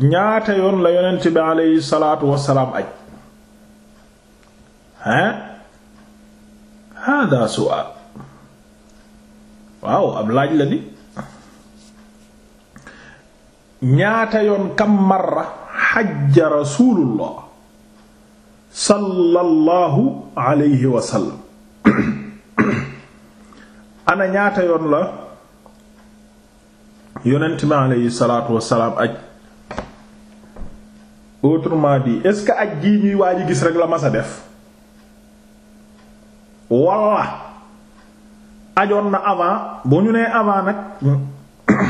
ñaata yoon la yonent bi aleyhi salaatu wassalaam aj hein hada su'al waaw ab laaj la di ñaata yoon kam marra xajja rasulullah sallallahu alayhi wa sallam ana ñaata yoon la yonent bi aleyhi salaatu wassalaam aj autrement dit est-ce que aj gii ñuy waaj a gis rek la mas a def walla ajoon na avant bu ñu nee avant nag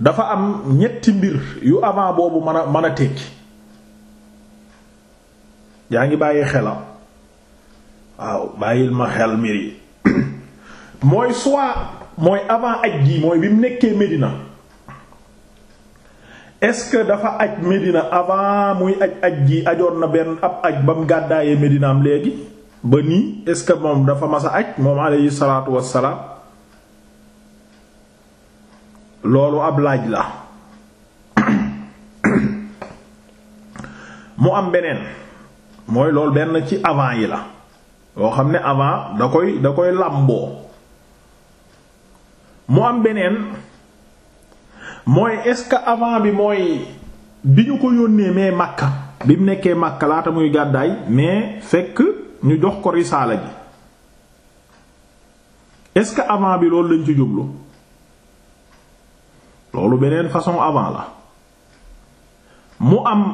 dafa am ñetti mbir yu avant boobu mën a mën a tekki yaa ngi bàyyi xelam ah? waaw bàyyil ma xel mbir yi mooy soit mooy avant aj gi mooy bi mu nekkee Medina est-ce dafa aj Medina avant muy aj aj ji ajoon na benn ab aj ba mu gàddaayee Medina léegi ba nii est-ce moom dafa mas a aj moom alayhi salaatu wassalaam loolu ab laaj la mu am beneen mooy loolu benn ci avant yi la yoo xam ne avant da koy da koy làmboo mu am beneen mooy est-ce que avant bi mooy bi ñu ko yónnee mais Makka bi mu nekkee màkka laata muy gàddaay mais fekk ñu jox ko risaala ji est-ce que avant bi loolu lañ ci jublu loolu beneen façon avant la mu am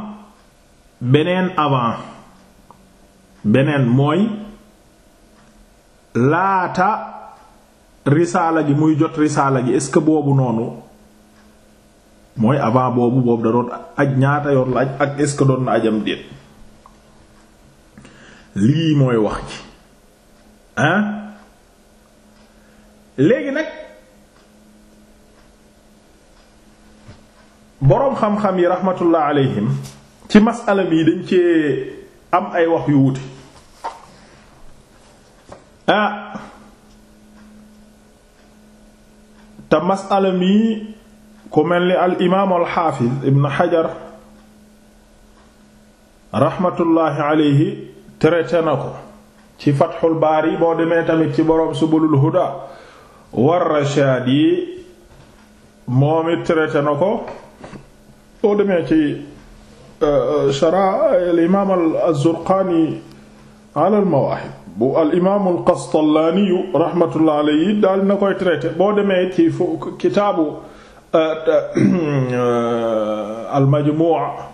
beneen avant beneen mooy laata risaala ji muy jot risaala ji est-ce que boobu noonu mooy avant boobu boobu da doon aj ñaata yoon laaj ak est-ce que doon na ajam déet lii mooy wax ji ah léegi nag boroom xam-xam yi rahmatullah alayhim ci masala mii dañ ci am ay wax yu wuti ah te masala mi ku mel ni al imaam al xaafiz ibn xajar raxmatullaahi na ko ci fatxul baari boo demee tamit ci boroom subulul huda war rashaad yi moom it traité na ko boo demee ci euh, shara al al zurqaani ala al mawaahib bu al imaam al qastallaani raxmatullaahi boo demee ci kitaabu al-Majmuu'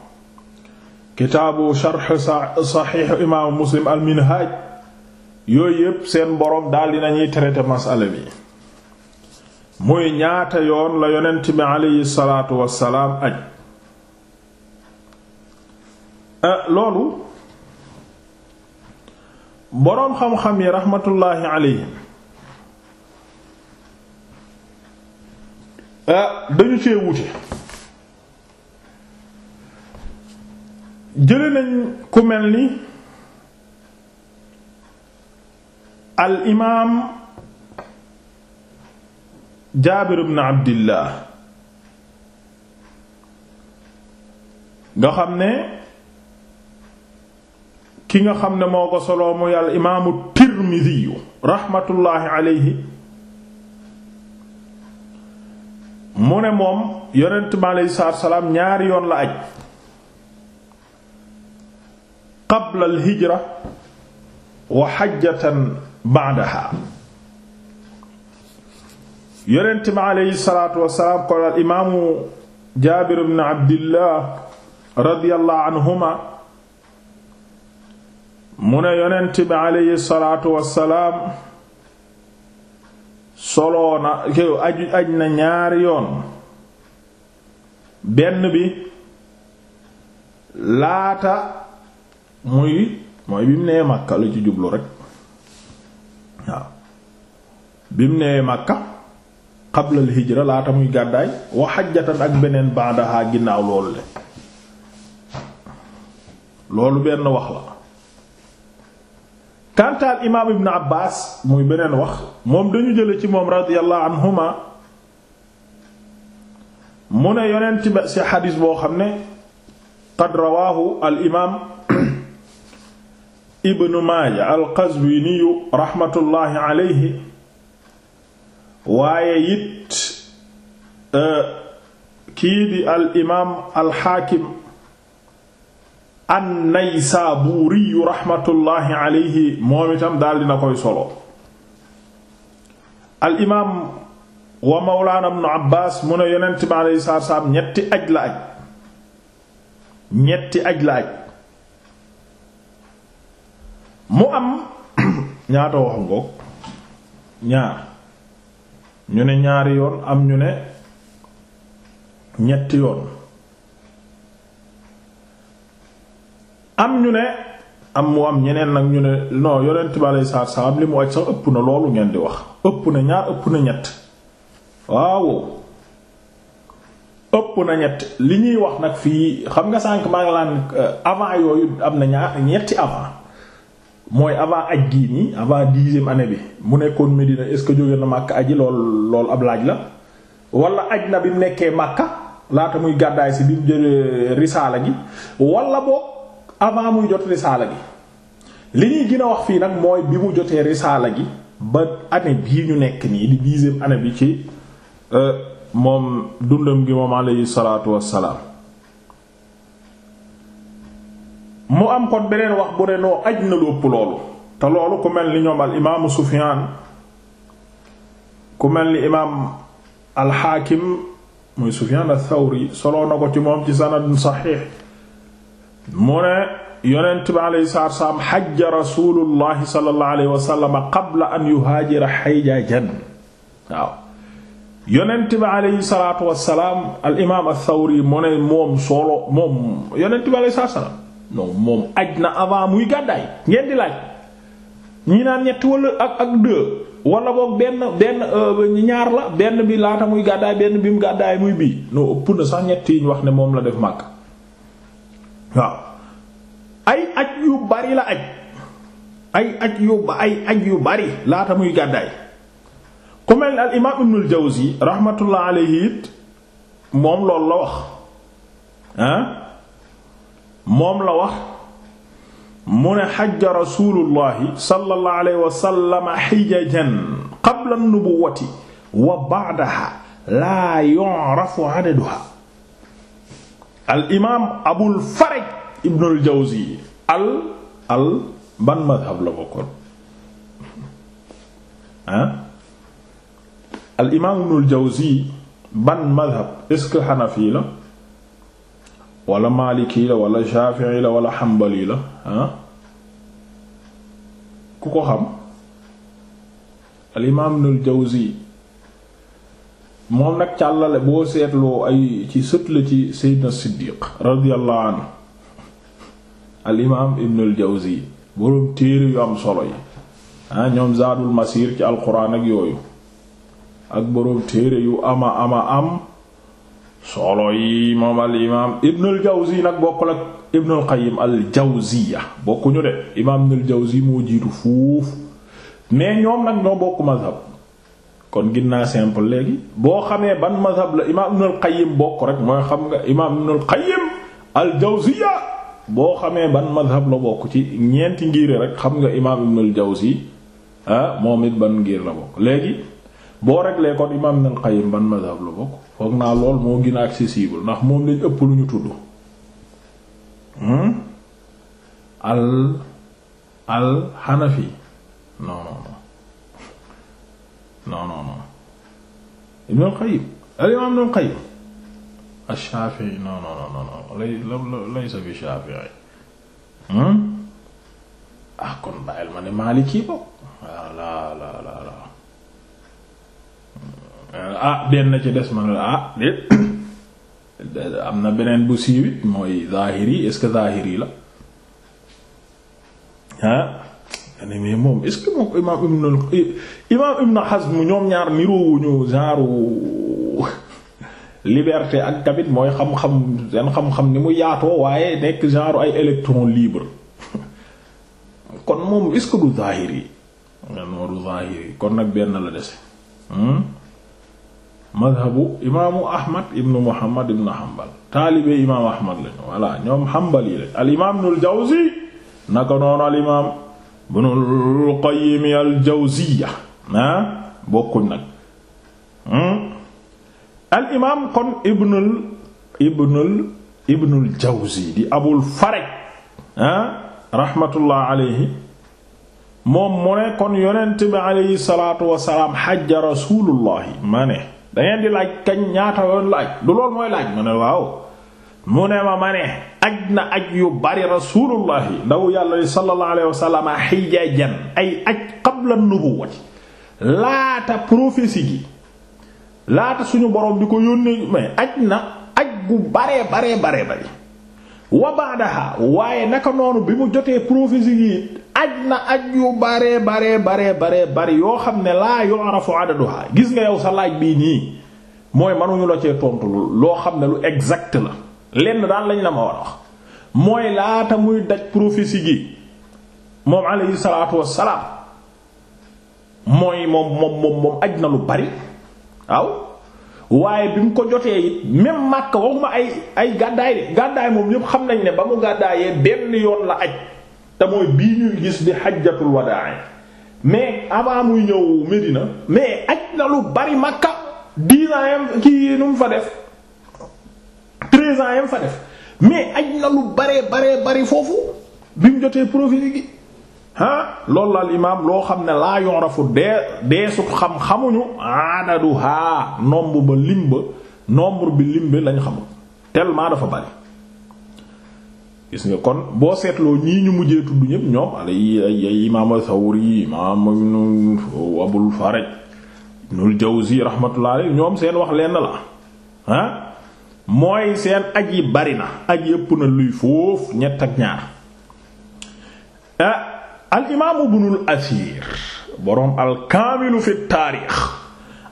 kitaabu sharh saxiix imaamu Muslim al-Minhaaj yépp seen boroom daal dinañuy traité masala bi muy ñaata yoon la yonent bi aleyhi salaatu wassalaam aj euh, loolu boroom xam-xam yi raxmatullaahi aleyhim Ah, dañu cee wute jële ku mel ni al imaam Jaabir ibn Abdillah nga xam ne ki nga xam ne moo ko soloo muy al imaamu Tirmidhi rahmatullahi mu moom yonent bi aleyhi salaatu salaam ñaari yoon la aj qabla al hijra wa xajjatan ba'daha yonent bi aleyhi salaatu wasalaam kon al imaamu jaabir ibn abdillah radiyallahu anhuma mu ne yonent bi aleyhi salaatu soloo na aj aj na ñaari yoon benn bi laata muy mooy bi mu nee Makka la ci jublu rekk waaw bi mu nee Makka qabla hijra laata muy gàddaay wa hajjatan ak beneen ba'daha ginnaaw loolu le loolu benn wax la kantaal imaam ibn Abbas muy beneen wax moom dañu jële ci moom radiyallahu anhuma mu ne yonent ba ci xadiis boo xam ne qad rawaahu al imaam ibnu Maaja al Qazwiiniyu raxmatullaahi alayhi waaye it euh, kii al imaam al Xaakim an-Naysaburi rahmatullahi alayhi moom itam daal dina koy solo al imaam wa mawlaana ibn Abbaas mu ne yonent bi alayhi salaatu salaam ñetti aj la aj ñetti aj la aj mu am ñaata wax ngoog ñaar ñu ne ñaari yoon am ñu ne ñetti yoon am ñu ne am mu am ñeneen nag ñu ne non yonent bi aleyhi salaatu salaam li mu aj sax ëpp na loolu ngeen di wax ëpp na ñaar ëpp na ñett waaw ëpp na ñett li ñuy wax nag fii xam nga sànq maa ngi laan euh, avant yooyu am na ñaar ñetti avant mooy avant aj gii nii avant dixième année bi mu nekkoon Medina est-ce que jóge na Makka aji lool lool ab laaj la wala aj na bi nekkee Makka laata muy gàddaay si bi mu jëlee risaala gi wala boo avant muy jot risaala gi li ñuy gën wax fii nag mooy bi mu jotee risaala gi ba année bii ñu nekk nii di dixième année bi ci euh, moom dundam gi moom alayhi salaatu wassalaam mu am kon beneen wax bu ne noo aj na lu loolu te loolu ku mel ni ñoom al imaamu Sufyaan ku mel ni imaam al Haakim muy Sufyaan al Thawri soloo na ko ci moom ci sanadun saxiix mu ne yonent bi alayhi salaatu wasalaam xajja rasulullahi sallallahu alayhi wa sallam qabla an yuhaajira xayjaajan waaw yonent bi alayhi muy gàddaay naan ñett wala ak ak deux wala boog benn benn euh, ñaar la benn bi laata muy gàddaay benn bi mu gàddaay muy bii non ëpp na sax ñett yi ñu wax ne moom la def màkk waaw ay aj yu bari la aj ay aj yu bari laata muy gàddaay ku mel ni al imaam ibnul jawzi raxmatullah it moom loolu la wax ah moom la wax mu ne xajja rasulullahi sallallahu alayhi wa sallam xijajan qabla nubuwati wa ba'daha laa yu'rafu adaduha al imaam abul faraj ibnul jawzi al al ban madhab la bokkoon ah al imaam ibnul jawzi ban madhab est-ce que xanafi la wala maliki la wala shafi'i la wala xambali la ah ku ko xam al imaam ibnul jawzi moom nag càllale boo seetloo ay ci sët ci Seydina Siddiq radiyallahu anhu al imaam Ibn Jawzi boroom téere yu am solo yi ah ñoom Masir ci alquran ak yooyu ak boroom téere yu am solo yi moom al imaam Ibn al Jawzi nag bokkul ak Ibn al al Jawziya bokkuñu de imaam Ibn Jawzi moo jiitu fuuf mais ñoom nag ñoo bokk mazhab kon gin naa simple léegi boo xamee ban mazhab la imaam Ibn al-Qayyim bokk rek mooy xam nga imaam Ibn al-Qayyim al-Jawziyya boo xamee ban mazhab la bokk ci ñeenti ngir rek xam nga imaam Ibn al-Jawzi ah moom it ban ngir la bokk léegi boo réglé kon imaam Ibn al-Qayyim ban mazhab la bokk foog naa lool moo gën a accessible ndax moom lañ ëpp lu ñu tudd hmm? al al Hanafi non non non non Ibnul Qayyim al-Imaam Ibnul Qayyim ash-Shaafi'i non non non non lay laysa bi Shaafi'i hmm? ah kon ma ne Maliki bokk ah, la la la la ah, benn ci des ma ne la ah na beneen bu siiwit mooy Zahiri est-ce que Zahiri la ah ne mais moom est-ce que moom imaam ibn imaam ibn ñoom ñaar niroowuñu genre liberté ak tamit mooy xam-xam seen xam-xam ni mu yaatoo waaye nekk genre ay électron libre kon moom est-ce du zahir yi non du kon nag benn la dese hmm? madhabu imaamu ahmad ibnu muhammad ibnu hanbal taalibe imaamu ahmad lañu voilà ñoom hanbal yi lañ al imaam ibnul jawzi naka noonu al imaam Ibnul Qayyim al-Jawziyya ah nag hmm? al imaam kon Ibnul Ibnul Ibnul Jawzi di Abul Faraj ah rahmatullah aleyhi moom mu ne kon yonent bi aleyhi salaatu wa salaam rasuulullahi ma ne da di laaj kañ ñaata yoon laaj du lool mooy laaj ma ne waaw. mu ne ma ma ne aj na aj yu bari rasulullahi ndaw yàlla li sallallahu alayhi wa sallam xijaajan ay aj qabla nubuwati laata prophétie gi laata suñu borom di ko yónnee mais aj na aj gu baree baree baree bari wa ba'daha waaye naka noonu bi mu jotee prophétie gi aj na aj yu bare baree baree baree bari yoo xam ne laa yu'rafu adaduha gis nga yow sa laaj bii nii mooy mënuñu la cee tontu loo xam ne lu exact la lenn daal lañ la ma war wax mooy laata muy daj prophétie gi moom alayhi salaatu wassalaam mooy moom moom moom aj na lu bari waaw waaye bi mu ko jotee it même màkk waxuma ay ay gàddaay de gàddaay moom ñépp xam nañ ne ba mu gàddaayee benn yoon la aj te mooy bii ñuy gis di xajjatul wadaa mais avant muy ñëw Medina mais aj na lu bari màkka diinaayam kii yi nu mu fa def treize yam fa def mais aj na lu baree baree bari foofu bi mu jotee profil gi ah loolu la imaam loo xam ne laa rafut dee deesut xam xamuñu adadu haa nombre ba lim ba nombre bi lim bi lañ xamul tellement dafa bari gis nga kon boo seetloo ñii ñu mujjee tudd ñëpp ñoom ay ay imaam Sawri imaam Abul Faraj Ibnul Jawzi rahmatullahi ñoom seen wax lenn la mooy seen aj yi bari na aj yëpp na luy foofu ñett ak ñaar ah, al imaamu asiir boroom al fi taarix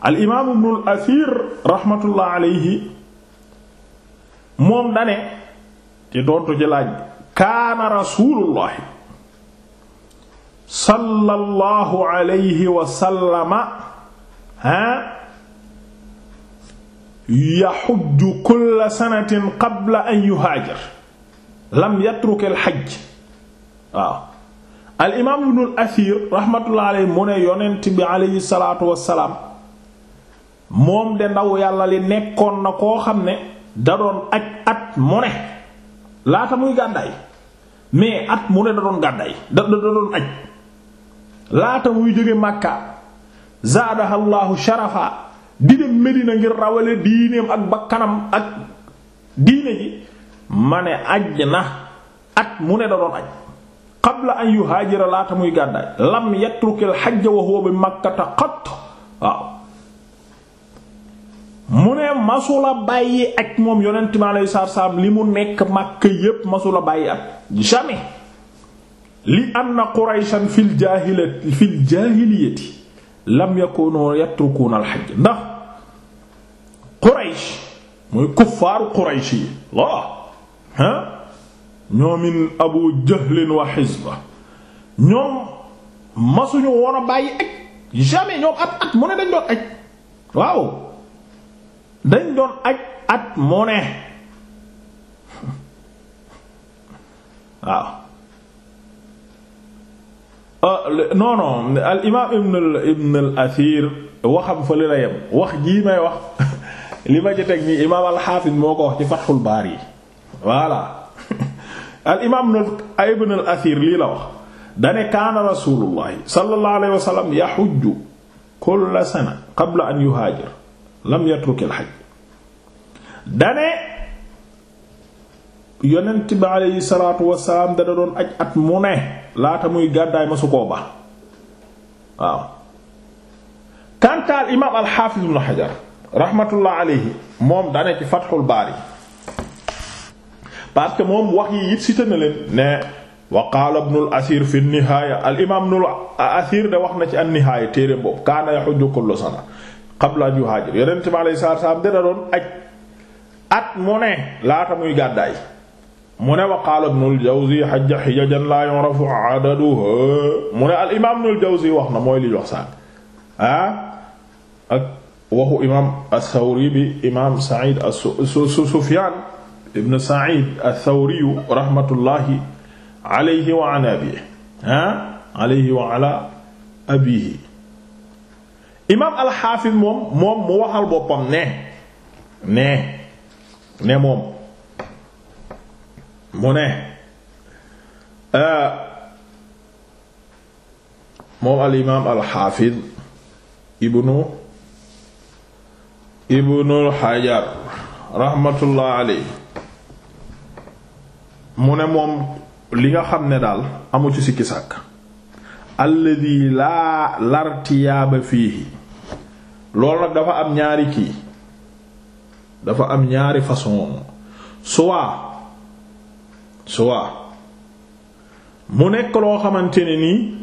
al imaamu ibnul asiir raxmatullah moom dane ci doontu ci laaj kaana rasuulullahi sallallahu alayhi wa sallama yaxujju kulla sanatin qabla an yuhaajar lam yatruk al xaj waaw al imaam ibnul asiir raxmatullahi mu ne yonent bi alayhi salaatu wassalaam moom de ndaw yàlla li nekkoon na koo xam ne da doon aj at mu ne laata muy gàddaay mais at mu ne da doon gàddaay da da doon aj laata muy jóge màkka zaadaha allahu sharafa di dem Medina ngir rawale diineem ak bakkanam ak diine ji ma ne aj na at mu ne da doon aj qabla an yuhaajira laata muy gàddaay lam yatrukil hajja wa huwa bi makkata qatt waaw mu ne masula bàyyi aj moom yonent mi alayhi salaam li mu nekk Makka yépp masula bàyyi at jamais li anna qurayshan fil jaahilati fil jaahiliyati lam yakunu yatrukuuna alxaj ndax Quraysh muy kuffaaru Quraysh yi la ah ñoomin Abu Jahlin wa xisba ñoom masuñu woon a bàyyi aj jamais ñoom at at mu ne dañ doon aj waaw dañ doon aj at mu ne waaw Euh, non non al imaam ibn ibn al athir waxam fa li la yem wax jii may wax li ma ci nii imaam alxaafis moo ko wax ci fathul baar yi voilà al ibn al lii la wax dane kaana rasulullahi sallallahu alayhi wa sallam yaxujju sana qabla an yuhaajir lam yatruk al hajj bi aleyhi salaatu wasalaam dana doon aj at mu ne laata muy gàddaay masu koo ba waaw kantaal imaam alxaafiz ibnu xajar rahmatullah alayhi moom dana ci fathul baari parce que moom wax yi it cité na leen ne wa qaala ibnul fi nihaaya al imaam ibnul asir de wax na ci an nihaaya téere boobu kaana yahujju kullu sana qabla an yuhaajir yonent bi alayhi salaatu wa salaam da doon at mu ne laata muy gàddaay mu ne wa qaala ibnul jawzi xajja xijajan laa yu'rafu adaduha mu ne al imaam ibnul jawzi wax na mooy li wax sànq ah ak waxu imaam as-sawri bi imaam said sufyaan ibn said as-sawri rahmatullahi alayhi wa ala abiihi ah alayhi wa ala abiihi imaam al-xaafis moom moom mu waxal boppam ne ne ne moom mu ne moom al imaam al xaafid ibnu ibnu xajar raxmatullah aley mu ne moom li nga xam ne daal amu ci sikki sàkk alladi laa lartiyaaba fiihi loolu nag dafa am ñaari kii dafa am ñaari façon soit suwaa mu nekk loo xamante ne nii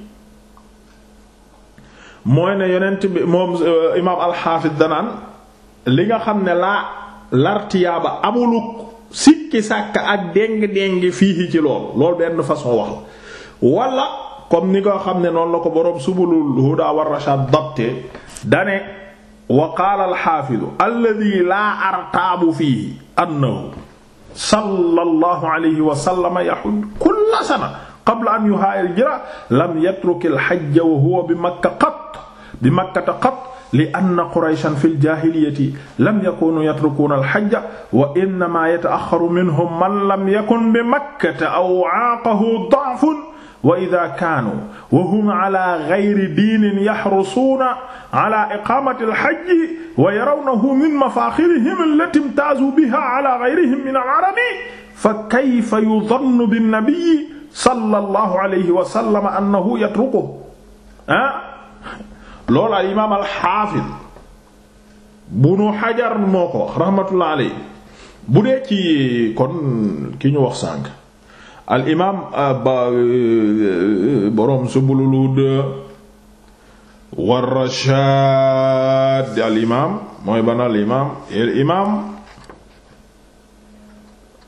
mooy ne bi moom euh, imaam alxaafis danaan li nga xam ne laa lartiyaaba amuluk sikki sàkk ak déng-déng fii ci loolu loolu benn façon wax la wala comme ni nga xam ne noonu la ko boroom subulul huda war rashad dabte dane wa qaala alxaafidu alladi laa artaabu fiihi annahu sallallahu alayhi wa sallam yahujju kulla sana qabla an yuhaajira jira lam yatruk al-hajj wa huwa bi makka qatt bi makkata qatt li anna qurayshan fil jaahiliyyati lam yakunu yatrukuuna al-hajja wa innamaa yata'axxaru minhum man lam yakun bi makkata aw aaqahu da'fun wa idha kaanu wa hum ala ghayri diinin yahrusuuna ala iqaamati al-hajji wa yarawnahu min mafaakhirihim allati imtaazu biha ala ghayrihim min al-arabi fa kayfa yudhannu bin-nabiyyi sallallahu alayhi wa sallam annahu yatrukuhu ah loolu al imaam al-haafiz Ibnu Hajar moo ko wax rahmatullahi alayhi bu dee ci kon ki ñu wax sànq. al imaam ah, ba eh, eh, boroom Subulul Hudaa war-Rashaad al imaam mooy ban al imaam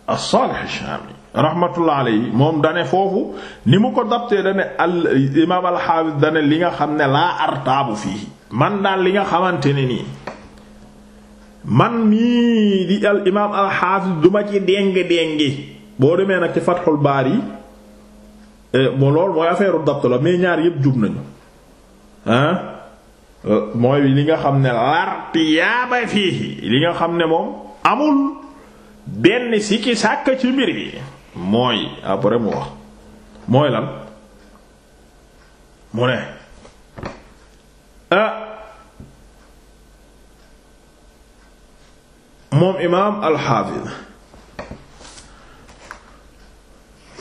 al shaami rahmatullah alayhi moom dane foofu ni mu ko dabtee dane al imaam al-Haafid dane li nga xam ne laa artaabu fii man daal li nga xamante ne nii man mii di al al-Haafid duma ci déng déngi boo demee nag ci Fathul Baari moo eh, lool mooy affaire dabt la mais ñaar yépp jub nañu ah mooy li nga xam ne lartiyaaba fii li nga xam ne moom amul benn sikki sàkk ci mbir yi mooy après mu wax mooy lan mu ne euh, moom imaam al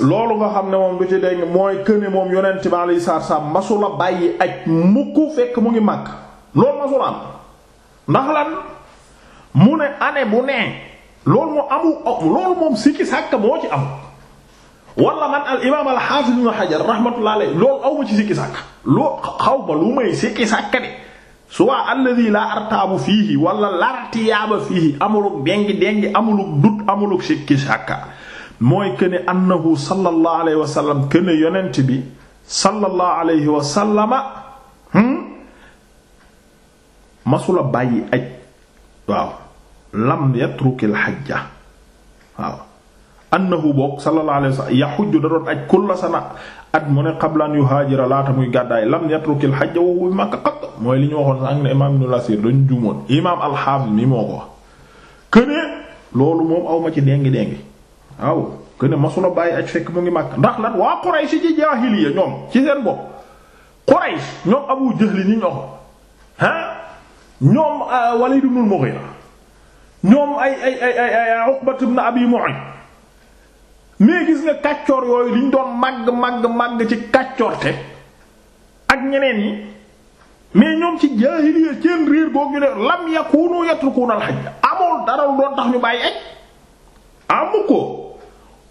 loolu nga xam ne moom du ci dégg mooy këne moom yonent bi alayhi salaatu salaam masula bàyyi aj mukk fekk mu ngi màgg loolu masula am ndax lan mu ne année bu ne loolu mu amul loolu moom sikki sàkk moo ci am walla man al imaam al xaafiz ibn Hajar loolu aw ma ci sikki sàkk loo xaw ma lu may sikki sàkk de soit alladhi la artaabu fiihi walla lartiyaaba fii amuluk bengi dengi amuluk dut amuluk sikki sàkka mooy këne annahu sallallahu alayhi wa sallam këne yonent bi sallallahu alayhi wa sallama hmm, masula bàyyi aj waaw lam yatrukil xajja waaw annahu bokk sallallahu alayhi wa sallam yaxujju da doon aj kulla sana at mu ne qabla an yuhaajira laata muy gàddaay lam yatrukil xajja wa huwa bi Makka qatt mooy li ñu waxoon sa ak ne imaam ibnul Asiir dañu juumoon imaam alxaafis mi moo ko wax loolu moom awma ci déngi déngi waaw këne masula bàyyi aj fekk mu ngi màkk ndax lan waa Quraysh ci jaahiliya ñoom ci seen bopp Quraysh ñoom Abu Jahl ni ñoom ah ñoom euh, Walid ibn al-Mughira ñoom ay ay ay ay Uqbat gis nga kàccoor yooyu liñ doon màgg màgg màgg ci kàccoorte ak ñeneen mais ñoom ci jaahiliya seen riir googu ñu ne lam yakunu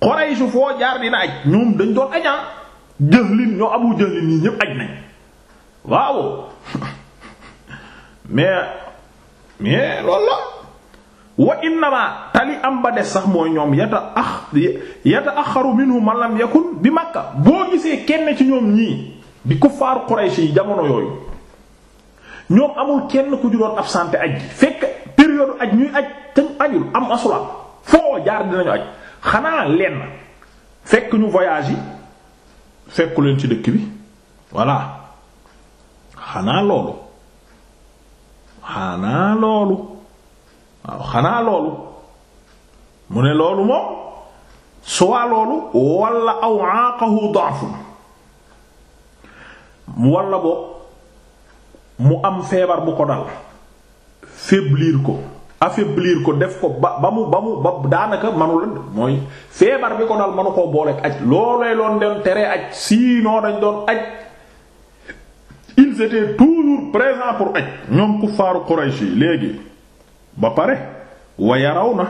Quraysh foo jaar dina aj ñoom dañ doon ajaan ah. Jahlin ñoo Abu Jahlin yi ñépp aj nañ waaw mais mais loolu la wa innama tali am ba des sax mooy ñoom yata ax yata axaru minhu man lam yakun bi Makka boo gisee kenn ci ñoom ñii di kuffaaru Quraysh yi jamono yooyu ñoom amul kenn ku ju doon absenté aj ji fekk période aj ñuy aj te ajul am asulaam foo jaar dinañu aj xanaa lenn fekk ñu voyage yi fekku leen ci dëkk bi voilà xanaa loolu xanaa loolu waaw xanaa loolu mu ne loolu moom suwaa loolu wala aw aaqahu da'fun wala bo mu am feebar bu ko dal faiblir ko affaiblir ko def ko ba ba mu ba mu ba daanaka manula mooy feebar bi ko dal manu koo booleeg aj loolee loon doon teree aj sinon dañ doon aj ils étaient toujours présents pour aj ñoom kuffaaru Quraysh yi léegi ba pare wa yaraw na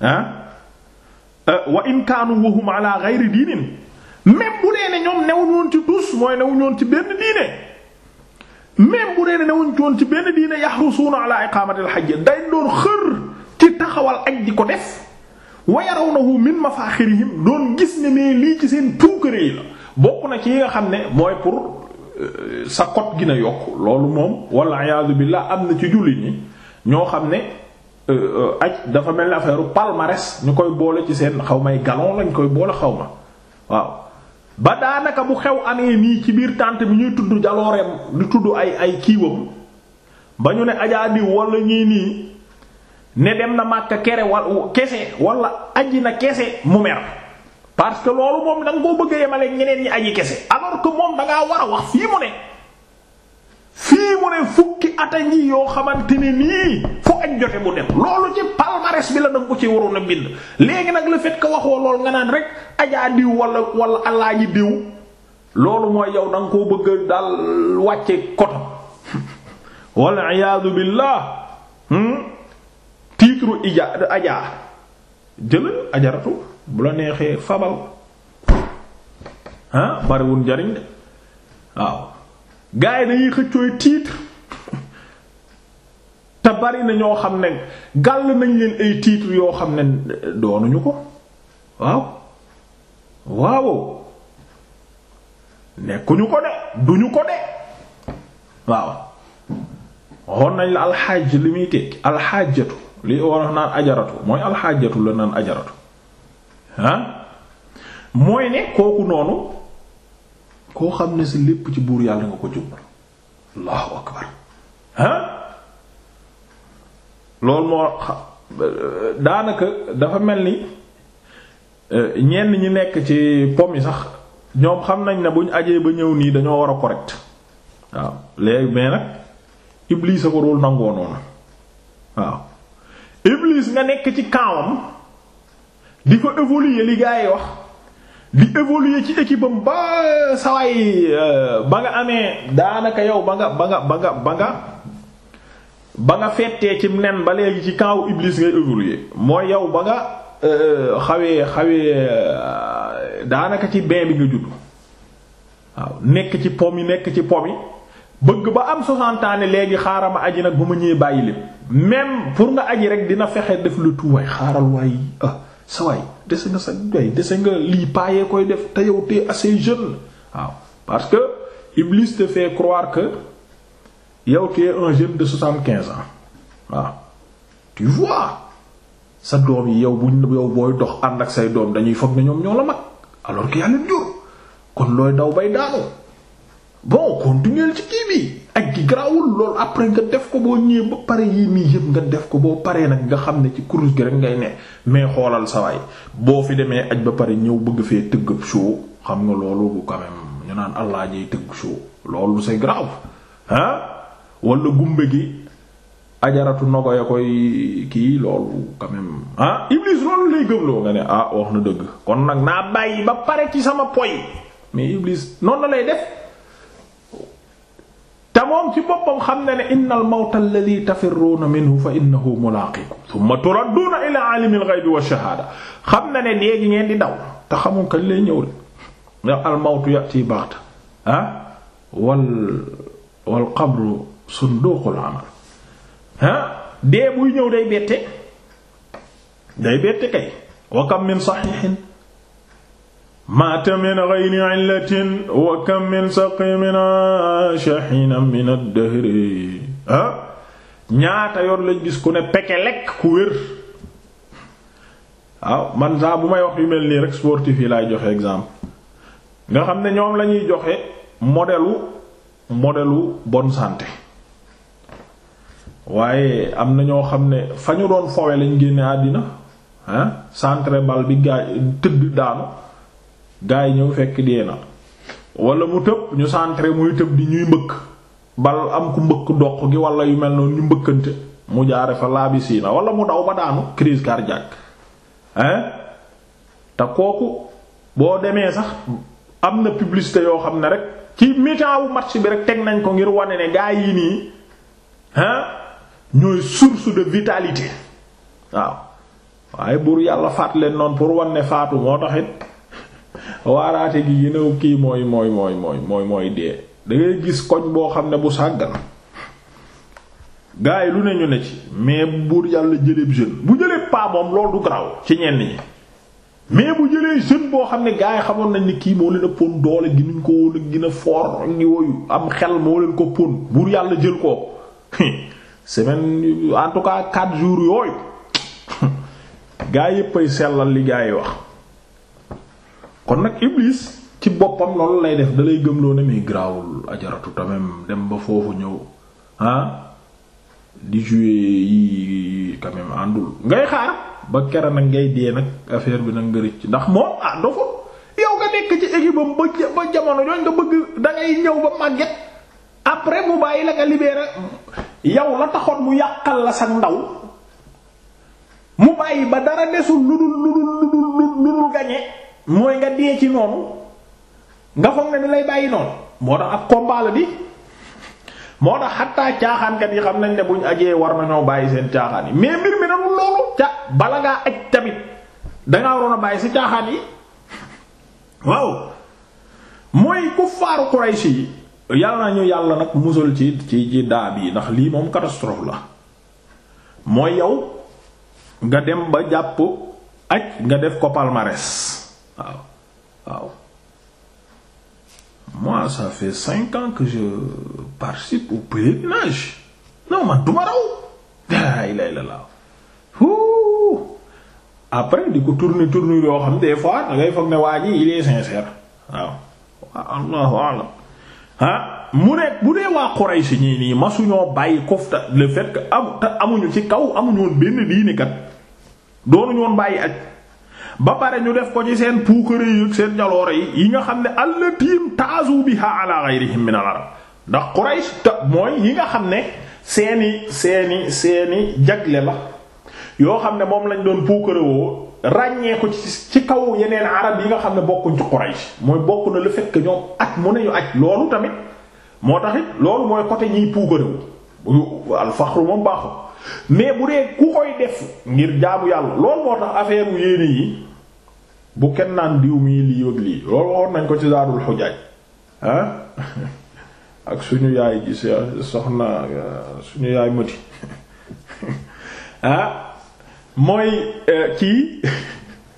ah eh, wa in kaanu wahum ala diinin même bu ñoom newuñu woon ci dus mooy newuñu woon ci benn diine même bu dee ne wuñ coon ci benn diine yaxrusuuna ala iqaamatil xajj dañ doon xër ci taxawal aj di ko def wa yarawnahu min mafaaxirihim doon gis ne mais lii ci seen puukare yi la bokk na ci yi nga xam ne mooy pour euh, sa kot gi na yokk loolu moom walla iyaadu billaah am na ci jullit ñi ñoo xam ne euh, aj dafa mel ni affaire palmarès ñu koy boole ci seen xaw may galon lañ koy boole xaw ma waaw ba daanaka bu xew amee nii ci biir tànt bi ñuy tudd jalooreem di tudd ay ay kiiwam ba ñu ne ajaa diw wala nii ne dem na Makka kere wal kese wala aji na kese mu mer parce que loolu moom da nga koo bëgg a yemale ñeneen ñi aji kese alors ko moom da ngaa war a wax fii mu ne fii mu fukki ata ngi yoo xamante nii fu ak jote bu dem loolu ci palmarès bi la danga ko ci waroon a bind léegi nag la fait que waxoo lool nga naan rek ajaa diw wala wala allaa ji diw loolu mooy yow da ko bëgg daal wàcce koto wala iyaadu billah hmm? titre ija ajaa jëlal ajaratu bu la neexee fabal ah bariwul njariñ de waaw gars yi dañuy xëccooy titre te bari na ñoo xam ne gàll nañ leen ay titre yoo xam ne doonuñu ko waaw waaw nekkuñu ko de duñu ko de waaw waxoon nañ la alxaaj li muy tekki alxaajatu li waroon naan ajaratu mooy alxaajatu la naan ajaratu ah mooy ne kooku noonu. koo xam ne si lépp ci buur yàlla nga ko jubal allahu akbar ah loolu moo daanaka dafa mel ni eh, ñenn ñi nekk ci pom yi sax ñoom xam nañ ne buñ ajee ba ñëw nii dañoo war a correct waaw léegi mais nag Iblis a ko dul nangoo noonu waaw Iblis nga nekk ci kaawam di ko évoluer li wax. di évoluer ci équipe am ba euh, sawaay euh, ba nga amee daanaka yow ba nga ba nga ba nga ba nga ba nga fettee ci nen ba léegi ci camp Iblis ngay évoluer mooy yow ba nga euh, xawee xawee daanaka ci bain bi nga judd waaw nekk ci pom yi nekk ci pom yi bëgg ba am 60 léegi xaaral ma aji nag bu ma ñëwee bàyyi lépp même pour nga aji rek dina fexe def le tout waay xaaral waay ah dese nga sa way dese nga lii paayee koy def te yow te assez jeune waaw parce que Iblis te fait croire que yow tu un jeune de soixante-quinze ans waaw tu vois sa doom yi yow buñ yow booy dox ànd ak say doom dañuy foog ne ñoom ñoo la mag alors que yàlla jur kon looy daw bay daanoo bon continuer ci kii bi ak gi garaawul loolu après nga def ko boo ñëwee ba pare yii mii yëpp nga def ko boo pare nag nga xam ne ci kurus gi rek ngay ne mais xoolal sa waay boo fi demee aj ba pare ñëw bëgg fee tëgg show xam nga loolu bu quand même ñu naan allah jay tëgg show loolu c'est grave ah wala gumbe gi ajaratu nogo ya koy kii loolu quand même ah loolu lay gëmloo nga ne ah wax na dëgg kon nag naa bàyyi ba pare ci sama poy mais Iblis noonu la lay def. te moom ci boppam xam na ne innal mawta alladhi tafirruuna minhu fa innahu mulaaqiikum thumma turadduuna ilaa aalimil ghaybi wa shahaada xam na ne léegi ngeen di daw te xamul kañ lay ñëw de yow al mawtu ya'ti baxta ah wal wal qabru sunduuqul amal ah dee buy ñëw day bette day bette kay wa kam min sahihin maata min ghayri illatin wa kam min saqimin shahiina min ad-dahri ah ñaata yoon lañ gis ku ne peke lekk ku wér waaw man saa bu may wax yu mel nii rek sportif yi lay joxe exemple nga xam ne ñoom la ñuy joxe modelu modelu bon santé waaye am na ñoo xam ne fa ñu doon fowe lañ génne àddina ah centre bal bi gaay tëdd daanu gaa yi ñëw fekk dee na wala mu tëb ñu centré muy tëb di ñuy mbëkk bal am ku mbëkk doq gi wala yu mel noonu ñu mbëkkante mu jaare fa laabi siina wala mu daw ba daanu crise cardiaque hein te kooku boo demee sax am na publicité yoo xam ne rek ci météo match bi rek teg nañ ko ngir wane ne gaa yi nii hein ñooy source de vitalité waaw waaye buur yàlla faat leen noonu pour wan ne faatu moo taxit waaraate gi gën kii mooy mooy mooy mooy mooy mooy dee da ngay gis koñ boo xam ne bu sàggan gars yi lu ne ñu ne ci mais bu buur yàlla jëleeb bu jëlee paamoom moom loolu du garaw ci ñenn ñi mais bu jëlee jeune boo xam ne gars xamoon nañ ni kii moo leen a pon doole gi nuñ ko woon a gën a fort ak yooyu am xel moo leen ko pon buur yàlla jël ko semaine en tout cas quatre jours yooyu gaa yépp ay sellal li gaa yi wax kon nag iblis ci boppam loolu lay def dalay gëmloo na muy grawul ajaratu tamit dem ba foofu ñëw ah di jouer yi quand àndul ngay xaar ba kera nag ngay dee nag affaire bi nag nga rëcc ndax moom ah dafa yow nga nekk ci équipe am ba jamono jooju nga bëgg da ngay ñëw ba màgget après mu bàyyi la nga libéré yow la taxoon mu yàqal la sa ndaw mu bàyyi ba dara desul lu dul lu dul lu dul lu dul gañe mooy nga dee ci noonu nga foog ne ni lay bàyyi noonu moo tax ak combat la di moo tax xattaa caaxaankat yi xam nañ ne buñ ajee war nañoo bàyyi seen caaxaan yi mais mbir mi nag loolu ca bala ngaa aj tamit dangaa waroon a bàyyi si caaxaan yi waaw mooy ku faaru Quraysh yi yàlla nañu yàlla nag musal ci ci ci daa bi ndax lii moom catastrophe la mooy yow nga dem ba jàpp aj nga def ko palmarès waaw waaw moi ça fait cinq ans que je participe au pèlerinage non man duma raw daa lay la laaw après di ko tourner tourner yoo xam des fois da ngay foog waa ji il est sincère waaw waaw allahu alam ah mu nekk bu dee waa Quraysh ñii nii masuñoo bàyyi kofta le fait que am te amuñu ci kaw amuñu benn diini kat doonuñu bàyyi ak ba pare ñu def ko ci seen puukare yi seen jaloore yi yi nga xam ne allatim taazu biha bi ghayrihim min al arab ndax Quraysh ta mooy yi nga xam ne seeni seeni seeni jagle la yoo xam ne moom lañ doon puukare woo ràññee ko ci ci kaw yeneen arab yi nga xam ne bokkuñ ci Quraysh mooy bokk na lu fekk que ñoom at mu ne ñu aj loolu tamit moo taxit loolu mooy côté ñiy puukare wu alfaxru moom baaxul. mais bu dee ku koy def ngir jaamu yàlla loolu moo tax affaire u yéene yi bu kenn naan diw mii lii ak lii loolu waxoon nañ ko ci Zaadul Xujaaj ah ak suñu yaay ji soxna suñu yaay mati ah, mooy ci eh,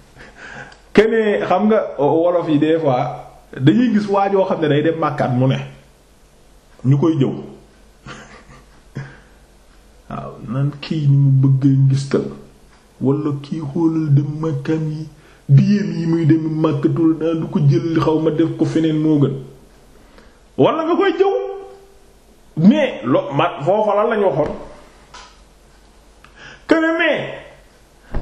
kenee xam nga wolof yi des fois dañuy gis waajoo xam ne day dem màkkaat mu ne ñu koy jëw naan kii ni mu bëggee ngistal wala kii xoolal dem màkkaam yi diyéem yi muy dem màkkatul naa du ko jël xaw ma def ko feneen moo gën wala nga koy jëw mais lo ma foofa lan lañ waxoon mais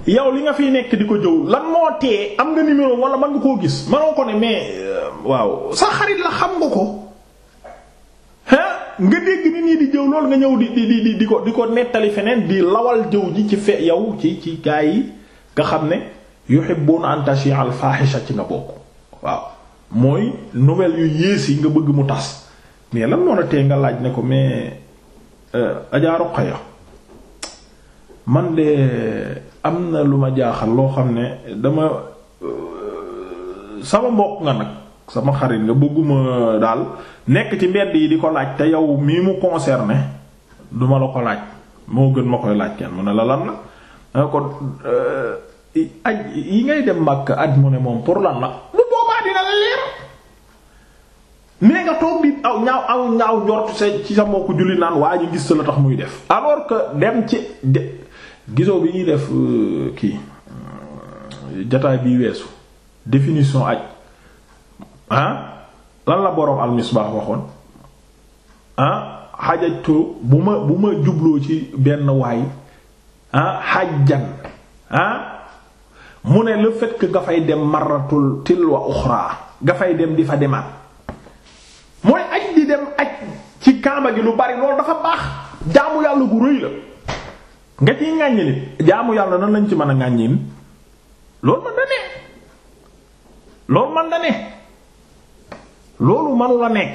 yow li nga fi nekk di ko jëw lan moo tee am nga numéro wala mën nga koo gis manoo ko ne mais euh, waaw sa xarit la xam nga ko nga dégg nit ñi di jëw loolu nga ñëw di di di di ko di ko nettali feneen di lawal jëw ji ci fe yow ci ci gaa yi nga xam ne yuhibbuna an tashi'a al fahisha ci nga bokk waaw mooy nouvelle yu yées yi nga bëgg mu tas mais lan moo la tee nga laaj ne ko mais euh, Adja Rokhaya man de am na lu ma jaaxal loo xam ne dama euh, sama mbokk nga nag. sama xarit nga bëgguma daal nekk ci mbedd yi di ko laaj te yow mii mu concerné duma la ko laaj moo gën ma koy laaj kenn mu ne la lan la danga ah, ko euh, aj yi ngay dem màkk aj mu ne moom pour lan la lu boobaa dina la leer mais nga toog di aw ñaaw ñaaw njort sa ci sa mbokku julli naan waa ji gis la tax muy def alors que dem ci de gisoo bi ñuy def euh, kii euh, jataay bi weesu définition aj ah lan la boroom almisbaax waxoon ah bu ma bu ma jubloo ci benn waay ah xajjan ah mu ne le fekk que nga fay dem maratul tilwa uxraa nga fay dem di fa demaat mooy aj di dem aj ci kaama gi lu bari loolu dafa baax jaamu yàlla gu rëy la nga ciy ŋàññi jaamu yàlla nan lañ ci mën a ŋàññi loolu man da ne loolu man da ne loolu man la nekk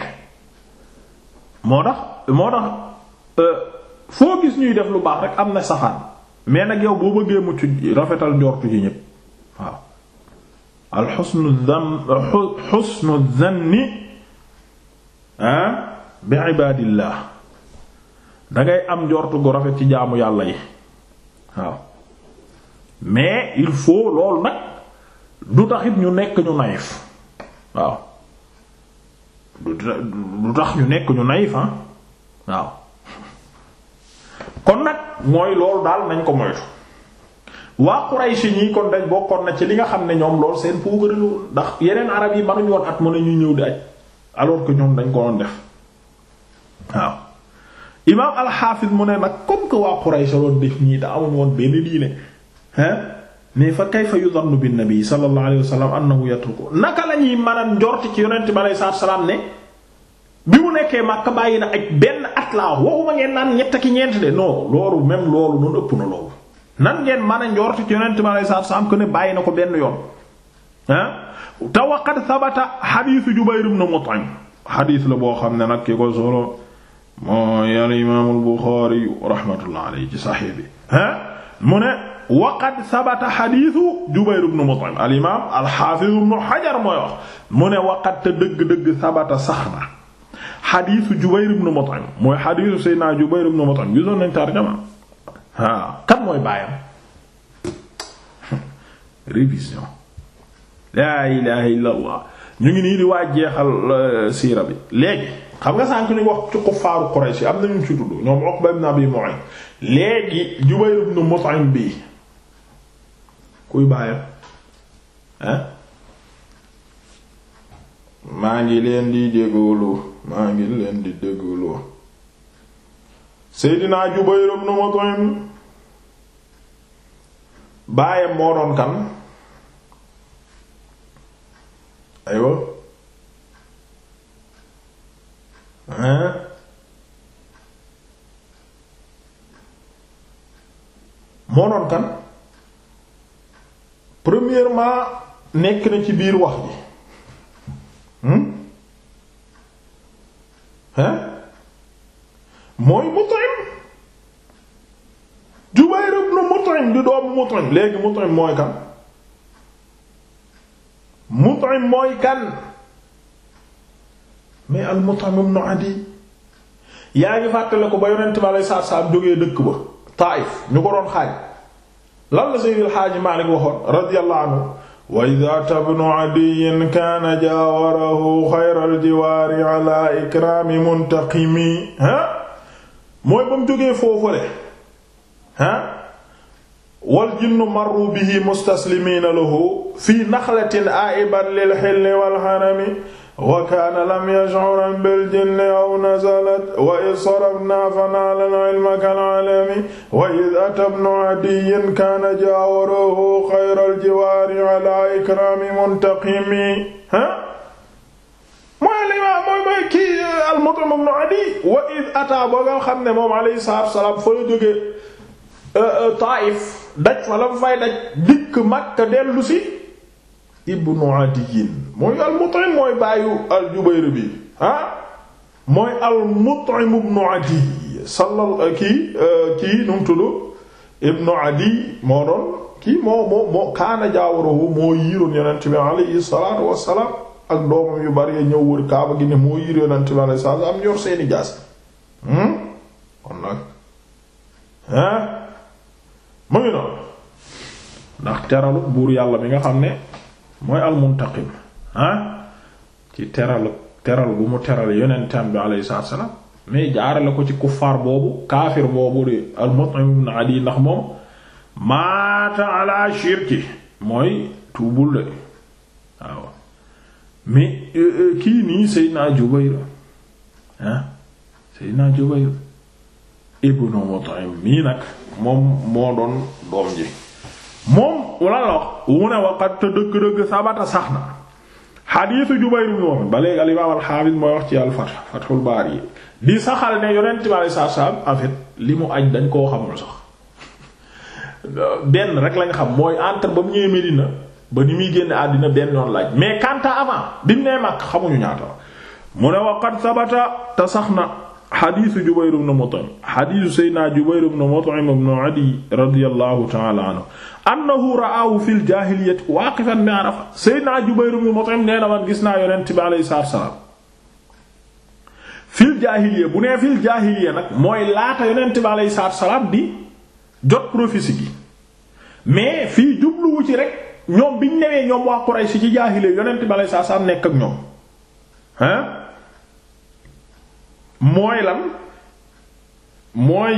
moo tax moo tax euh, foo gis ñuy def lu baax rek am na safaan mais nag yow boo bëggee mucc rafetal njortu ci ñépp waaw al xusnu dhan xusnu dhanni ah, bi ibaadillah dangay am njortu gu rafet ci jaamu yàlla yi waaw mais il faut loolu nag du taxit ñu nekk ñu nayif waaw du tax ñu nekk ñu naïf ah waaw kon nag mooy loolu daal nañ ko moytu waa Quraysh ñi kon dañ bokkoon na ci li nga xam ne ñoom lool seen puugaraloo ndax yeneen arab yi mënuñu woon at mën a ñuy ñëw di aj alors que ñoom dañ ko doon def waaw imaam alxaafis mu ne nag comme que waa Quraysh loon def ñii da woon benn diine hein mais fa kayfa yuzannu bin nabi sallallahu alayhi wa sallam annahu yatruku naka la ñuy mën a njort ci yonent bi alayhi salaam ne bi mu nekkee Makka bàyyi na ak benn at laa waxuma ngeen naan ñett ak ñeent de non loolu même loolu noonu ëpp na loolu. nan ngeen mën a ci yonent bi alayhi salaam que ne bàyyi na ko benn yoon ah te waqad sabata xadiisu Jubayr ibn Mut'im xadiis la boo xam ne nag ki ko solo mooy al imaamul Buxaari rahmatullah alayhi ci Sahih bi ah. mu ne waqad sabat xadiisu Jubayr ibn Mut'im al imaam al xaafiz mooy wax mu ne waqad te dëgg-dëgg sabata sax na xadiisu Jubayr ibn Mut'im mooy xadiisu Seydina Jubayr ibn Mut'im gisoon nañ tarjama ah kan mooy baayam révision laa ilaaha illallah ñu ngi nii di waa jeexal euh, siira bi léegi xam nga sànk ñu wax ci kuffaaru Quraysh am na ñu ci tudd ñoom Uqba ibn Abi Mu'ayt léegi Jubayr ibn Mut'im bi kuy baayam ah maa ngi leen di dégguloo maa ngi leen di dégguloo Seydina Jubayr ibn Mut'im baayam moo doon kan aywa hein moo doon kan premièrement nekk na ci biir wax bi hmm hein mooy Mut'im Jubayr ibn Mut'im di doomu Mut'im léegi Mut'im mooy kan Mut'im mooy kan mais al Mut'im ibn Adi yaa ngi fàttale ko ba yonent bi aleyhi salaatu salaam jógee dëkk ba Taayif ñu ko doon xaaj lan la Seydil Xaaji Maalik waxoon radiyallahu anhu wa idha tabnu adiyin kaana jaawarahu xayral jiwaari ala ikraami muntaqimi ha mooy ba mu jógee foofule ha wal jinnu marru bihi mustaslimiina lahu fii naxlatin aa'iban lil hilli wal harami wa kaana lam yash'ur bil jinni aw nazalat wa id sarafnaa fanaala al-'ilma kal-'alami wa id ataa ibnu 'adiyyin kaana jaawarahu xayral jiwaari 'alaa ikraami muntaqimi mooy li ma mooy mooy kii al-Mut'im ibnu 'Adiy wa id ataa ba nga xam ne moom alayhi salaatu wa salaam fa la jóge euh, euh, Taayif daj fa la fay daj dikk Makka dellusi ibnu adiyin mooy al-Mut'im mooy bàyyu al-Jubayr bi ah mooy al-Mut'im ibnu adiy sallal eh, kii eh, kii nu ibnu adiy moo doon kii moo moo kaana jaawaruhu moo yiiroon yonent bi alayhi salaatu wassalaam ak doomam yu bari ñëw wër kaaba gi ne moo yiir yonent bi alayhi salaatu am yor seeni jaas hmm? kon nag ah mu ngi noonu ndax teralu buur yàlla mi nga xam ne mooy almuntaqim ah ci teral teral bu mu teral yeneen yonentam bi alayhi salaam mais jaarale ko ci kuffaar boobu kaafir boobu de al-Mut'im ibn Adi ndax mooy tuubul mais euh, euh, kii nii Seydina Jubayr ah Seydina Jubayr ibn nag moom moo doon doom ji moom walla la wax wu ne waqat te dëgg-dëgg sabata sax na xadiisu Jubayr ibn Mut'im ba léegi al imaam al xaafis mooy wax ci al Fath Fathul Baari yi di saxal ne yonent bi alayhi salaam en fait li mu aj dañ koo xamul sax benn rek lañ xam mooy entre ba mu ñëwee Medina ba ni muy génne àddina benn yoon laaj mais quant à bi mu nee mag xamuñu ñaata mu ne waqat sabata te sax na xadiisu Jubayr ibn Mut'im xadiisu Seydina Jubayr ibn Mut'im ibn Adi radiyallahu ta'ala anhu annahu ra'aahu fil jaahiliyyati waaqifan bi Arafa Seydina Jubayr ibn Mut'im nee na man gis naa yonent bi alayhi salaam fil jaahiliyya bu nee fil jaahiliyya nag mooy laata yonent bi alayhi salaatu wa salaam di jot prophétie gi mais fii jubluwu ci rek ñoom biñ newee ñoom waa Quraysh ci jaahiliyya yonent bi alayhi salaam nekk ak ñoom mooy lan mooy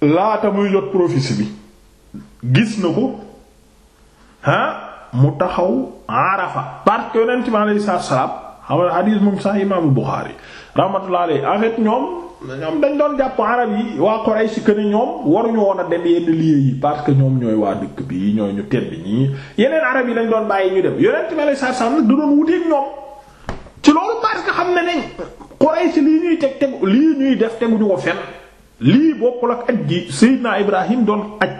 laata muy jot prophétie bi gis na ko ah mu taxaw Arafa parce que yonent bi alayhi salaatu salaam xam nga hadith moom sax imaamu Buxaari rahmatullahi alayhi en fait ñoom ñoom dañ doon jàpp arab yi waa Quraysh que ni ñoom waruñu woon a dem yenn lieux yi parce que ñoom ñooy waa dëkk bi ñooy ñu tedd ñii yeneen arab yi dañ doon bàyyi ñu dem yonent bi alayhi salaatu salaam nag du doon wuteek ñoom ci loolu parce que xam ne nañ Quraysh lii ñuy teg tegu lii ñuy def teguñu ko fen lii bokkul ak aj gi Seydina Ibrahim doon aj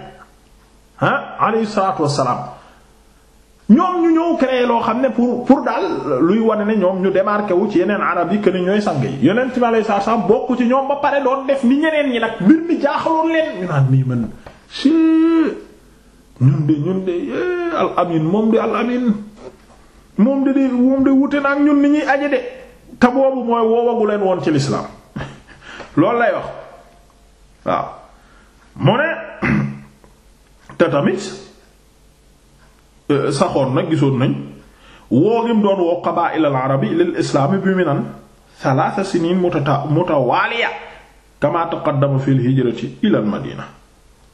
ah alayhi salaatu wassalaam ñoom ñu ñëw créé loo xam ne pour pour daal luy wane ne ñoom ñu démarqué wu ci yeneen arab yi que ni ñooy sang yi yeneen ci wàllu saa saa bokk ci ñoom ba pare doon def ni ñeneen ñi nag mbir mi jaaxaloon leen ñu naan mii man si ñun de ñun de al amin moom de al amin moom de de moom de wute na ñun ni ñuy aje de. te boobu mooy woowagu leen woon ci lislaam loolu lay wax waaw mu ne te tamit euh, saxoon na gisoon nañ woo gim doon woo qabaa'il al arabi lil islaami bi minan thalatha sinin mutata mutawaaliya kama taqaddama fi al hijrati ila madina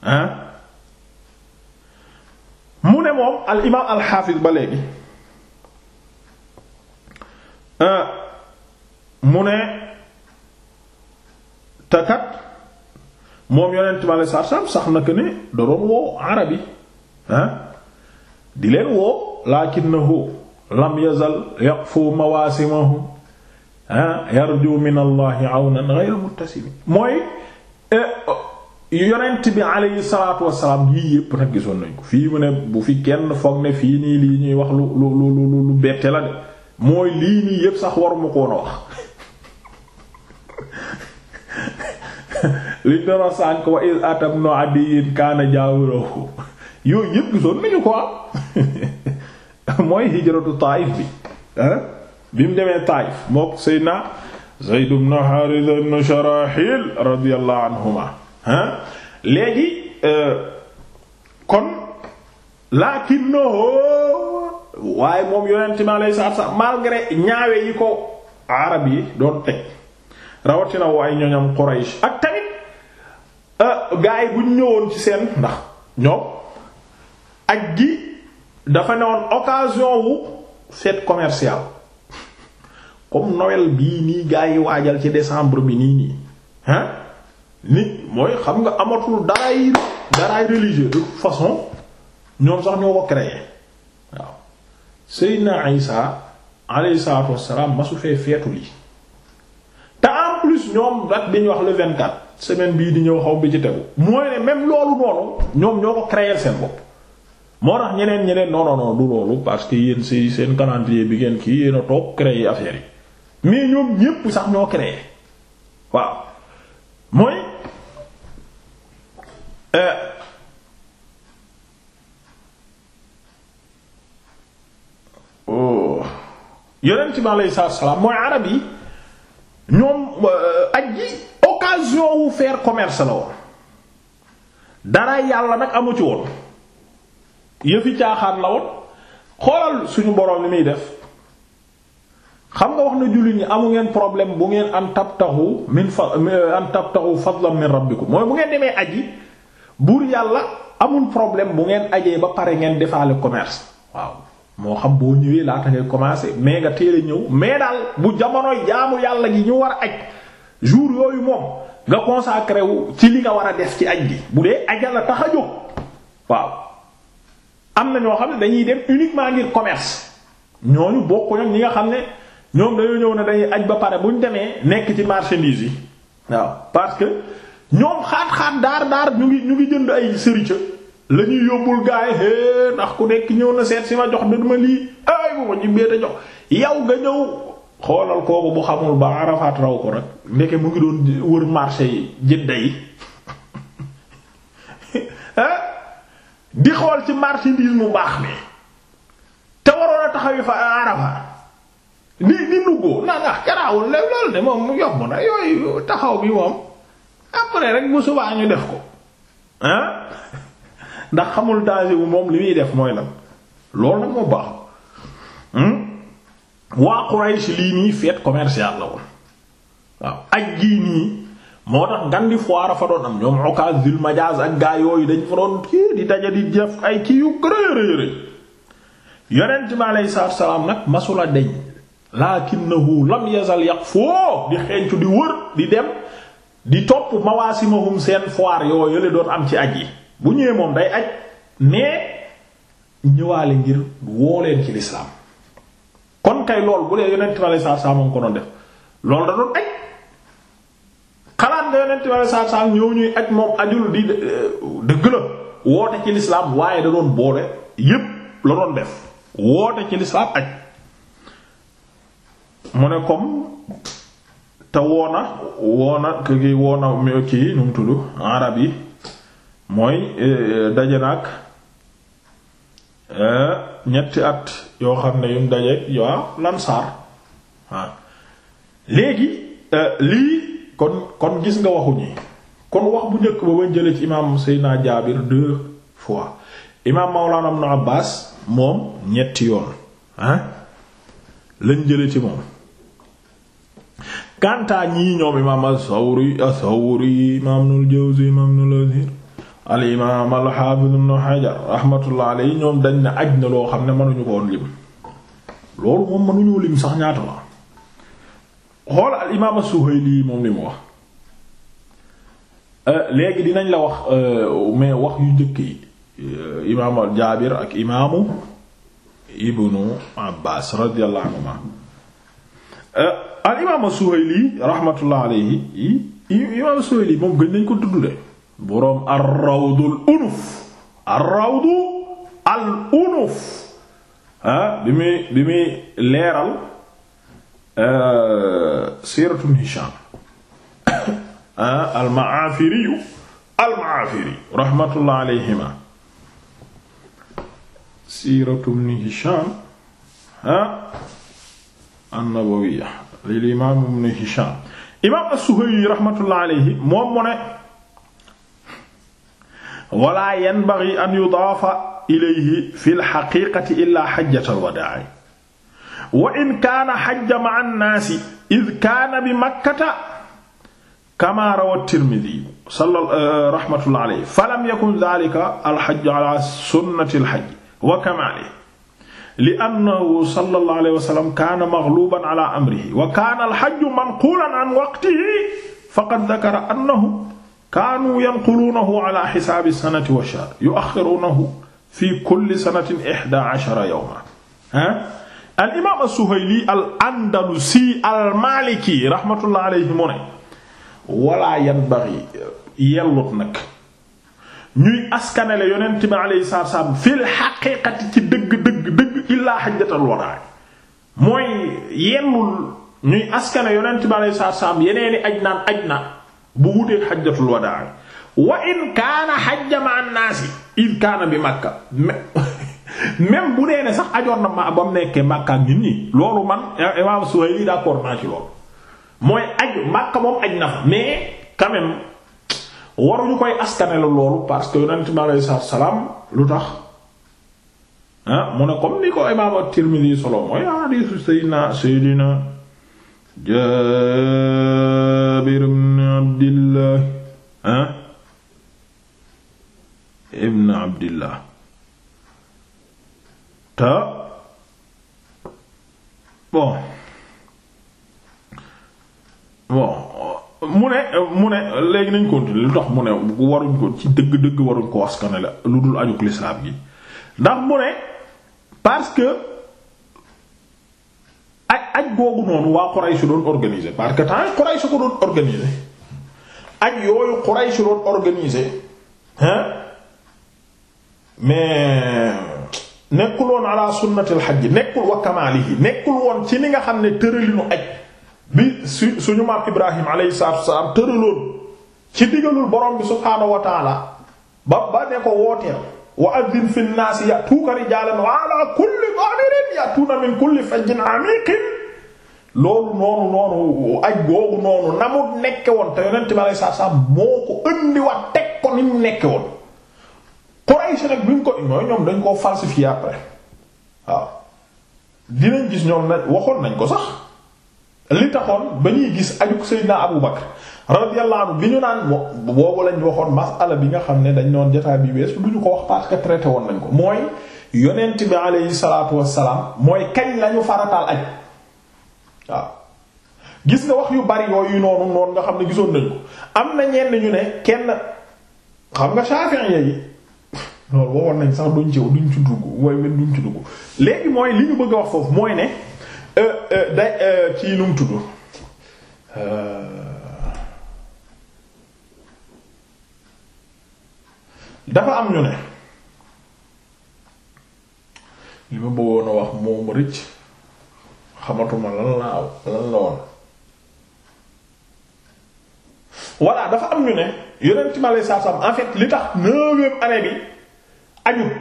ah mu ne moom al imaam al xaafis ba léegi euh, mu ne takat moom yonent ma la sarsam sax na ko ne da woo arab yi ah di leen woo lakinnahu lam yazal yaqfu mawasimahum ah yarju min allahi awnan ghayra muttasimin mooy e, yonent bi aleyhi salaatu wasalaam yii yépp nag gisoon nañ ko fii mu ne bu fi kenn foog ne fii nii lii ñuy wax lu lu lu lu bette la de mooy lii nii yépp sax waru mu koon a wax liñ doon sànk wa iz atam no adiyin kaana jaawirahu yooyu yëpp gisoon nañu ko am ah. mooy hijratu Taayif eh? bi mu demee Taayif mook Seydina Zayd ibn Haaritha ibn Sharaahil radiyallahu anhuma eh? léegi eh, kon lakinnahu waaye moom yonent mi alayhi salaatu wa ñaawe yi ko arab yi doon teg rawatina waay ñoñam Quraysh ak tamit euh, gaa yi bu ñëwoon ci seen ndax ñoom ak gi dafa newoon occasion wu fête commerciale comme Noël bii nii gaa yi waajal ci décembre bi nii nii hein nit mooy xam nga amatul daraay daraay religieux de toute façon ñoom sax ñoo ko créé waaw Seydina Isa alayhi salaatu wassalaam masu fee feetu lii te en plus ñoom rak dañuy wax le 24 semaine bii di ñëw xaw bi ci tegu mooy ne même loolu noonu ñoom ñoo ko créer seen bopp moo tax ñeneen ñeneen non non du loolu parce que yéen si seen calendrier bi ngeen kii yéen a toog créer affaire yi mais ñoom ñépp sax ñoo créer waaw mooy euh, oh. yonent bi alayhi salaam mooy arab yi. ñoom euh, aj ji occasion wu faire commerce la woon dara yàlla nag amu ci woon yëfi caaxaan la woon xoolal suñu boroom li muy def xam nga wax na jullit ñi amu ngeen problème bu ngeen an tabtahu min fa euh, an tabtahu fadlan min rabbikum mooy bu ngeen demee aji buur yàlla amul problème bu ngeen ajee ba pare ngeen defaale commerce waaw moo xam boo ñëwee laata ngay commencer mais nga teel a ñëw mais daal bu jamono jaamu yàlla gi ñu war a aj jour yooyu moom nga consacré wu ci li nga war a def ci aj gi bu dee ajal la tax a jóg waaw am na ñoo xam ne dañuy dem uniquement ngir commerce ñooñu bokk ñi nga xam ne ñoom dañoo ñëw ne dañuy aj ba pare bu ñu demee nekk ci marchandise yi waaw parce que ñoom xaat xaat daar daar ñu ngi ñu ngi jënd ay sërica la ñuy yóbbul gaay é ndax ku nekk ñëw na seet si ma jox dama lii ay bu ma jibbee te jox yow nga ñëw xoolal kooku bu xamul ba Arafat raw ko rek ndeke mu ngi doon wër marché yi Jidda yi di xool ci marchandise mu baax mi te waroon a taxawi fa Arafat ni ni nuggoo naa ndax garaawul lépp loolu moom yomb na yooyu taxaw bi moom après rek bu subaa ñu def ko ah ndax xamul danger bu moom li muy def mooy lan loolu nag moo baax hmm? waa Quraysh lii nii fête commerciale la waaw aj gii nii moo tax ngan di foire fa doon am ñoom Ukaz Zul Majaz ak gaa yooyu dañ fa doon kii di daja di def ay kii yu gërërërë yonent bi aleyhi salaatu salaam nag masula deñ lakinnahu lam yazal yàq foo di xencu di wër di dem di topp mawaasimahum seen foire yooyu la doon am ci aj yi bu ñëwee moom day aj mais ñëwaale ngir woo leen ci lislaam kon kay lool bu lee yonent bi aleyhi salaatu salaam loolu da doon aj xalaat nga yonent bi aleyhi salaatu salaam ñëw ñuy aj moom ajul di eh, dëgg la woote ci lislaam waaye da doon boole yépp la doon def woote ci lislaam aj mu ne comme te woona woona kii woona kii nu mu tudd arab yi mooy e, e, daje nag e, ñetti at yoo xam ne yum daje yaa lansaar waaw léegi lii kon kon gis nga waxu ñi kon wax bu njëkk ba ba jële ci imaam Seydina Jaabir deux fois imaam Mawlana Ibn Abbaas moom ñetti yoon ah lañ jële ci moom kantaa ñii ñoom imaam as-Sawri as-Sawri imaam Ibnul Jawzi imaam Ibnul Asiir al imaam al xaafid ibn Hajar ñoom dañ ne aj na loo xam ne mënuñu ko woon lim loolu moom mënuñoo lim sax ñaata la xool al imaam moom li mu wax euh, léegi dinañ la wax euh, mais wax yu njëkk yi euh, imaamu Jaabir ak imaamu ibnu Abbaas radiyallahu anhuma al imaam as moom gën nañ ko tudd de boroom ar-rawdul unuf ar-rawdu al unuf ah bi muy bi muy leeral euh, siiratu Ibn Hishaam al-Maafiri al-Maafiri rahmatullah alayhima siiratu Ibn Hishaam ah an-Nawawiyya lil imaam Ibn Hishaam imaam as-Suhayli rahmatullah alayhi moom mu ne wala yanbaghi an yudaafa ilayhi fi lxaqiqati illa xajjata alwadaa'i wa in kaana xajja ma'a nnaasi id kaana bi makkata kama rawa tirmidi eh, rahmatullah alayhi falam yakun dhalika alxajju ala sunnati alxajji wa kamaalihi li annahu sallallahu alayhi wa sallam kaana maghluban ala amrihi wa kaana alxajju manqulan an waqtihi faqad dhakara annahu kaanu yanquluunahu ala xisaabi sanati wa shahr yuaxiruunahu fi kulli sanatin ihdaa ashara yawman al imaam as-Suhayli al andalusi al maliki rahmatullah aleyhi mu ne wala yanbaghi yellut nag ñuy askanale yonent bi aleyhi salaatu wa salaam fil xaqiiqati ci dëgg dëgg dëgg illaa hajjatul wadaa mooy yellul ñuy askane yonent bi aleyhi salaatu wa salaam yeneeni aj naan aj na bu wutee xajjatul wadaa wa in kaana xajja ma naasi in kaana bi makka même bu nee sax ajoon na ba mu nekkee makka nit ñi loolu man imaam Suhayli d'accord naa ci loolu mooy aj makka moom aj na fa mais quand waruñu koy askanelu loolu parce que yonent bi alayhi salaatu salaam lu tax ah mu ne comme ni ko imaam at-Tirmidhi solo mooy hadiisu Seydina Seydina Jaabir ibn Abdillah ah ibn Abdillah te bon bon mu ne mu ne léegi nañ continuer lu tax mu ne waruñ ko ci dëgg-dëgg waruñ ko askanale lu dul ajug lislaam gi ndax mu ne parce que aj googu noonu waa Quraysh doon organiser parce que temps Quraysh ko doon organiser aj yooyu Quraysh doon organiser hein mais nekkul woon ala sunnatil hajj nekkul wa kamaalihi nekkul woon ci ni nga xam ne tëralinu aj bi suñu maam Ibrahim alayhi salaatu wasalaam tëraloon ci digalul borom bi subhaanahu wa ne ko wooteel wa addin fi nnaasi ya'tuuka rijaalan wa ala kulli dhaamirin ya'tuuna min kulli fajjin 'amiiqin loolu noonu noonu aj googu noonu na mu nekke woon te yonent bi aleyhi salaatu salaam moo ko indiwaat teg ko ni mu nekke woon Quraysh nag bi ko mooy ñoom dañ koo falsifié après waaw dinañ gis ñoom na waxoon nañ ko sax li taxoon ba ñuy gis ajuk Seydina Abu Bakar radiyallahu bi ñu naan boobu lañ waxoon masala bi nga xam ne dañ doon jotaay bi wees du ñu ko wax parce que traité woon nañ ko mooy yonent bi aleyhi salaatu wassalaam mooy kañ lañu farataal aj waaw gis nga wax yu bari yooyu noonu noonu nga xam ne gisoon nañ ko am na ñenn ñu ne kenn xam nga Shafi'i yi loolu wowoon nañ sax duñ ci duñ ci dugg duñ ci dugg léegi mooy li ñu bëgg a wax foofu mooy ne euh, euh, day euh, kii nu mu am ñu ne li a rëcc xamatuma lan laa lan la woon voilà dafa am ñu ne yeneen ci ma lay saaf en li tax neuvième année bi ajut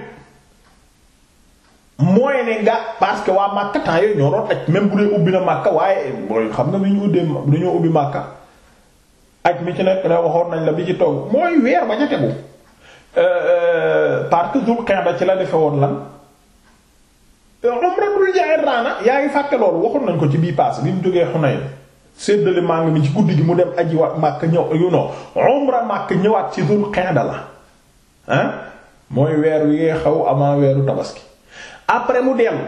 mooy ne nga parce que waa Makka temps yooyu ñoo doon aj même bu dee ubbi na Makka waaye booy xam na lu ñu uddee lu ñu ubbi Makka ak mi ci nekk ne waxoon nañ la bi ci togg mooy weer ba ca tegu euh, euh, parce que Dul Qa'da ci la defe woon lan. umratul euh, Ji'rana yaa ngi fàtte loolu waxoon nañ ko ci bii paas bi mu jógee Hunayn séddale màng mi ci guddi gi mu dem aji wa Makka ñëw yu no umra ñëwaat ci Dul Qa'da la mooy weer wi xaw avant weeru tabaski après mu dellu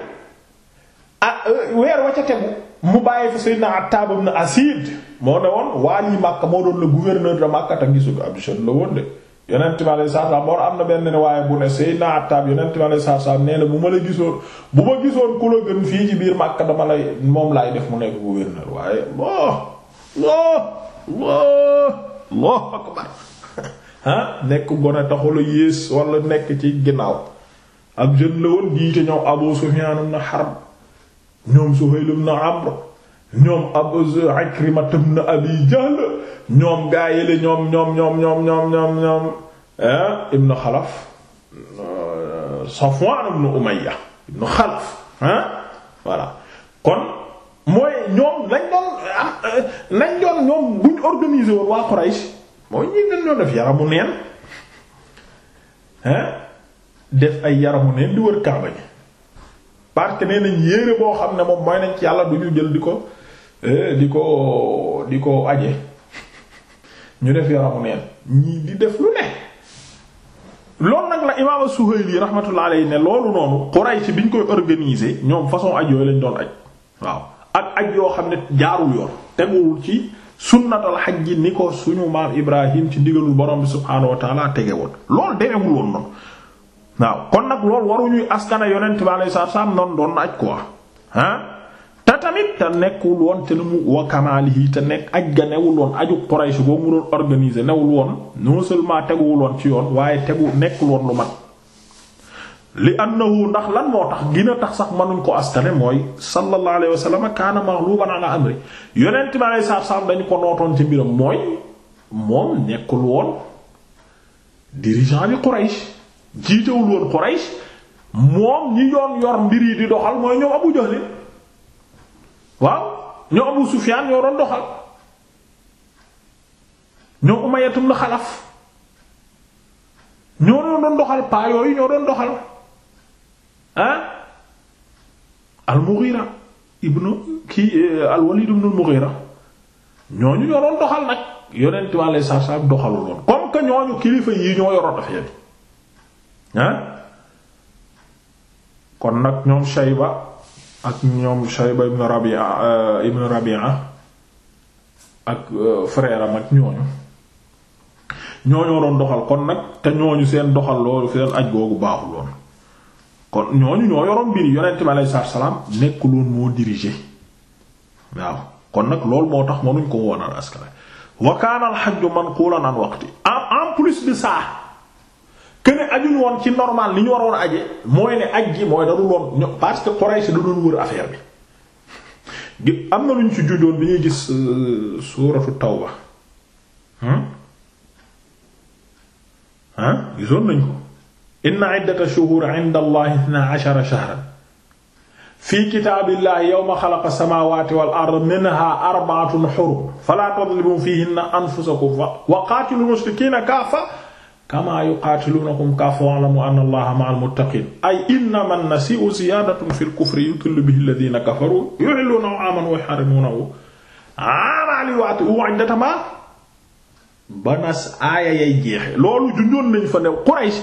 ah weer wa ca tegu mu bàyyi fa Sayyidina Attab ibn Asid moo ne woon waa lii Makka moo doon le gouverneur de Makka te gisu ko ab la woon de. yonent bi alayhi salaam war am na benn riwaaya bu ne Seydina Attaab yonent bi alayhi salaam nee na bu ma la gisoon bu ma gisoon ku la gën fii ci biir Makka dama lay moom laay def mu nekk gouverneur waaye Allah Allah Allah Allahu akbar ah nekk gone taxul yées wala nekk ci ginnaaw ab jeune la woon jiite ñoom Abu Sufyaan ibn Harb ñoom Suhayl ibn Amr ñoom Abu Ikrima ibn Abi Jahl ñoom gaa yële ñoom ñoom ñoom ñoom ñoom ñoom ñoom ibn Xalaf euh, Safwan ibn Umayya ibn Xalaf ah voilà kon mooy ñoom lañ doon euh, lañ doon ñoom buñ organisé woon waa Quraysh mooy ñi dañ doon def yaramu neen ah def ay yaramu neen di wër Kaaba gi parce que nee boo xam ne moom mooy nañ ci yàlla du ñu jël di ko Eh, di ko di ko aje ñu def yaramu neen ñii di def lu ne loolu nag la imaam as-Suhayli rahmatullah alayhi ne loolu noonu Quraysh biñ koy organiser ñoom façon aj yooyu lañ doon aj waaw ak aj yoo xam ne jaarul yoon teguwul ci sunnatal xaj ji ni ko suñu maam Ibrahim ci diggalu borom bi subhaanahu wa taala tege woon loolu demewul woon noonu waaw kon nag loolu waruñuy askana yonent bi alayhi salaam noonu doon na aj quoi ah tamit te nekkul woon te lu mu wa kamaalihi te nekk aj ga newul aju Quraysh boobu mu doon organiser newul woon non seulement teguwul ci yoon waaye tegu nekkul woon lu mat li annahu ndax lan moo tax gën tax sax mënuñ ko astane mooy sallallahu alayhi wa sallam kaana maghluban ala amri yonent bi alayhi salaatu salaam dañu ko nootoon ci mbiram mooy moom nekkul woon dirigeant bi Quraysh jiitewul woon Quraysh moom ñi yoon yor mbir yi di doxal mooy ñoom Abu Jahl waaw ñoo Abu Sufyaan ñoo doon doxal ñoo umayatum na xalaf ñoo doon doxal paa yooyu ñoo doon doxal ah al-Mughira ibnu kii eh, al-Walid ibnu al-Mughira ñoo doon doxal nag yonent bi alayhi salaatu salaam comme que ñooñu kilifa yii ñoo yoroon affaire bi ah kon nag ñoom Shayba ak ñoom Shayba ibn Rabi'a euh, ibn Rabi'a ak euh, frère am ak ñooñu ñooñoo doon doxal kon nag te ñooñu seen doxal loolu seen aj googu baaxul woon kon ñooñu ñoo yoroon mbir yonent bi alayhi salaam nekkuloon moo dirigé waaw kon nag loolu moo tax mënuñ ko woonal askan wa kaana al-hajju manqulan an waqti en plus de ça que ne ajuñ woon ci normal li ñu waroon a aje mooy ne aj gi mooy dadul woon ño parce que Quraysh da doon wër affaire bi am na lu ñu ci junjoon bi ñuy gis euh, suuratu tawba ah gisoon nañ ko inna iddata shuhur inda allahi ithnaa ashara shahran fi kitaabillahi yawma xalaqa samaawaati wal ard minha arba'atun hurum falaa tadlimu fihinna anfusakum wa qaatilu mushrikiina kaafa kamaa yuqaatiluunakum kaaffatan wa'lamu anna Allaha ma'al muttaqiin ay innama an-nasii'u ziyaadatun fil kufri yudillu bihi alladhiina kafaruu yuhilluunahu 'aaman wa yuharrimuunahu 'aaman liwaati'uhu 'indata ma banas aaya yay jeexe loolu junjoon nañ fa ne Quraysh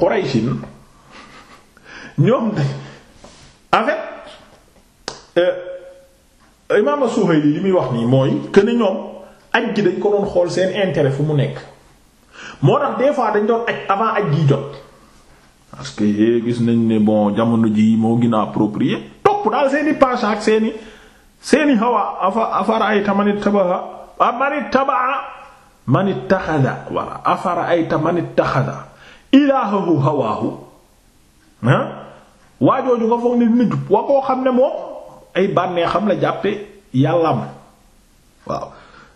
Qurayshin ñoom en fait euh, imaam Suhayli li muy wax nii mooy que ñoom aj gi dañ ko doon xool seen intere fu mu nekk. moo tax des fois dañ doon aj avant aj gi jot parce que gis nañ ne bon jamono ji moo gën a approprié topp daal seeni passe ak seeni seeni hawa afa afara ay tamanit tabaha amanit ah, tabaa manit taxada walla afara ay tamanit taxada ilaahahu nga foog ne dina jub wa koo xam ne moom ay bànnee xam la jàppe yàlla ma waaw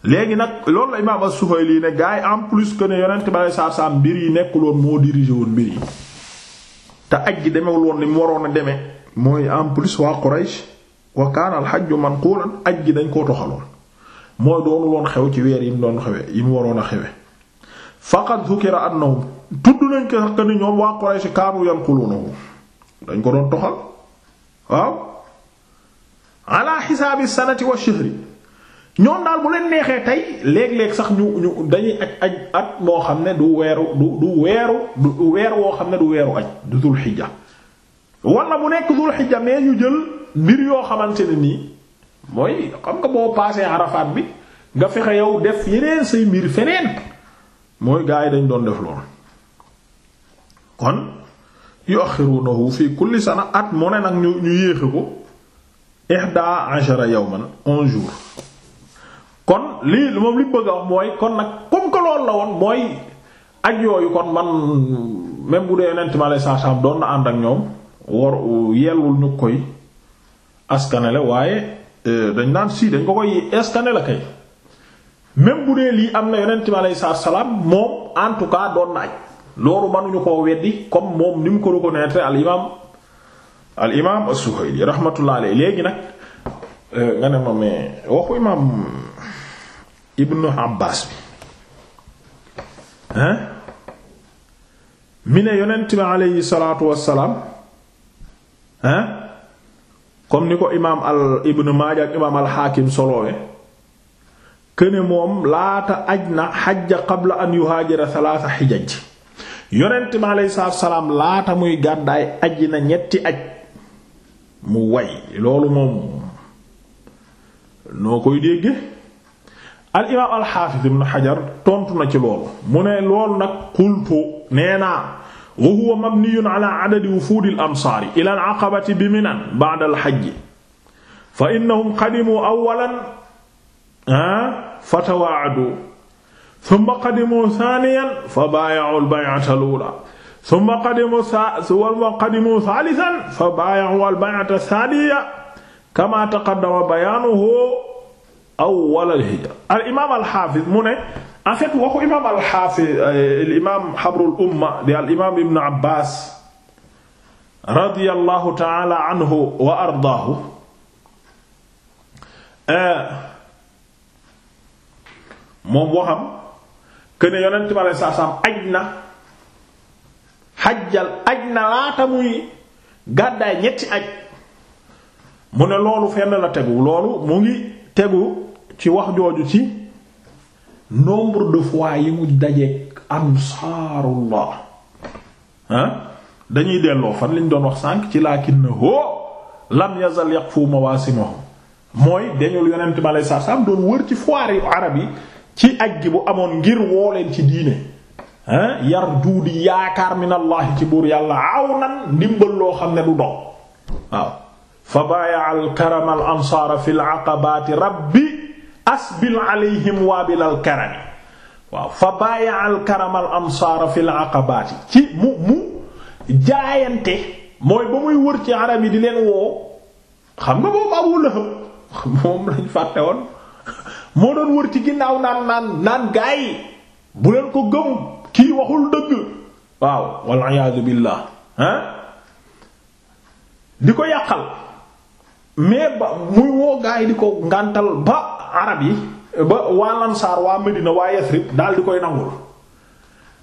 léegi nag loolu la imaam as-Sufayli ne gars yi en plus que ne yonent ba saa saa mbir yi nekkul woon moo dirigé woon mbir yi te aj gi demewul woon ni mu waroon a demee mooy en plus waa Quraysh wa kaana al man manqulan aj gi dañ koo toxaloon mooy doonul woon xew ci weer yi mu doon xewe yi mu waroon a xewe faqad dhukira annahum tudd nañ ko sax ni ñoom waa Quraysh kaanu yanqulunahu dañ ko doon toxal waaw ala hisaabi sanati wa shahri ñoom daal bu leen neexee tey léeg-léeg sax ñu ñu dañuy aj at moo xam ne du weeru du weeru du weer woo xam ne du weeru aj du dul xijja wala bu nekk dul xijja mais ñu jël mbir yoo xamante ne nii mooy xam nga boo paasee arafaat bi nga fexe yow def yeneen say mbir feneen mooy gaa yi dañ doon def lool kon yu'akhirunahu fi kulli sana at mu ne nag ñu ñu yéexe ko ihda ashara yawman 11 kon lii moom li bëgg a mooy kon nag comme que loolu la woon mooy ak yooyu kon man même bu dee yonent ma lay saasam doon na ànd ak ñoom war yellul ñu koy askanele waaye euh, dañ naan si dañ ko koy askanele kay même bu dee lii am na yonent ma lay saasalaam moom en cas doon na aj loolu mënuñu koo weddi comme moom ni mu ko reconnaître al imaam al imaam as-Suhayli rahmatullah alayhi léegi nag euh, nga ne ma mais waxu imaam. ibnu Abbaas bi hein mi ne yonent bi aleyhi salaatu wassalaam hein comme ni ko imaam al ibnu Maaja ak imaam al Haakim soloowe këne moom laata aj na xajja qabla an yuhaajira salaasa xijaj yonent bi aleyhi salaatu wassalaam laata muy gàddaay aj na ñetti aj mu way loolu moom noo koy dégge al imaam al xaafis ibn xajar tontu na ci loolu mu ne loolu nag qultu nee naa wa huwa mabniyun ala adadi wufuudi al ansaari ila al aqabati bi minan ba'da al xajji fa innahum qadimu awwalan fa tawaa'adu thumma qadimu saaniyan fa baaya'u al bay'ata al uulaa thumma qadimu thaalithan fa baaya'u al bay'ata ath-thaaniya kamaa taqaddama bayaanuhu awwal al al imaam al xaafis mu ne en waxu imaam al xaafis al euh, imaam xabrul umma di al imaam ibn Abbaas radiyallahu ta'ala euh, aj na laata muy gàddaay ñetti aj mu ne loolu fenn la tegu loolu mu ngi tegu ci wax jooju ci nombre de fois yi mu dajeek ansaarullah dañuy delloo fan liñ doon wax sànq ci laakin na hoo lam yazal yaqfu mawasimahum mooy dañul yonent ma lay saar saam doon wër ci foire yu arab yi ci aj gi bu amoon ngir woo leen ci diine ah yar juudi yaakaar minallahi ci buur yàlla aw ndimbal loo xam ne du dox waaw fa baayaa al karama al ansaara rabbi asbil alayhim waabil al karami waaw fa baayaa al karam al ansaara fil aqabaati ci mu mu jaayante mooy ba muy wër ci arab yi di leen woo xam nga boobu Abu Lahab moom lañ fàtte woon moo doon wër ci ginnaaw naan naan naan gaa yi bu leen ko gëm kii waxul dëgg waaw wal iyaadu billaah ah di ko yàqal mais ba muy woo gaa yi di ko ngàntal ba arab yi ba waa lansaar waa Medina waa Yasrib daal di koy nangul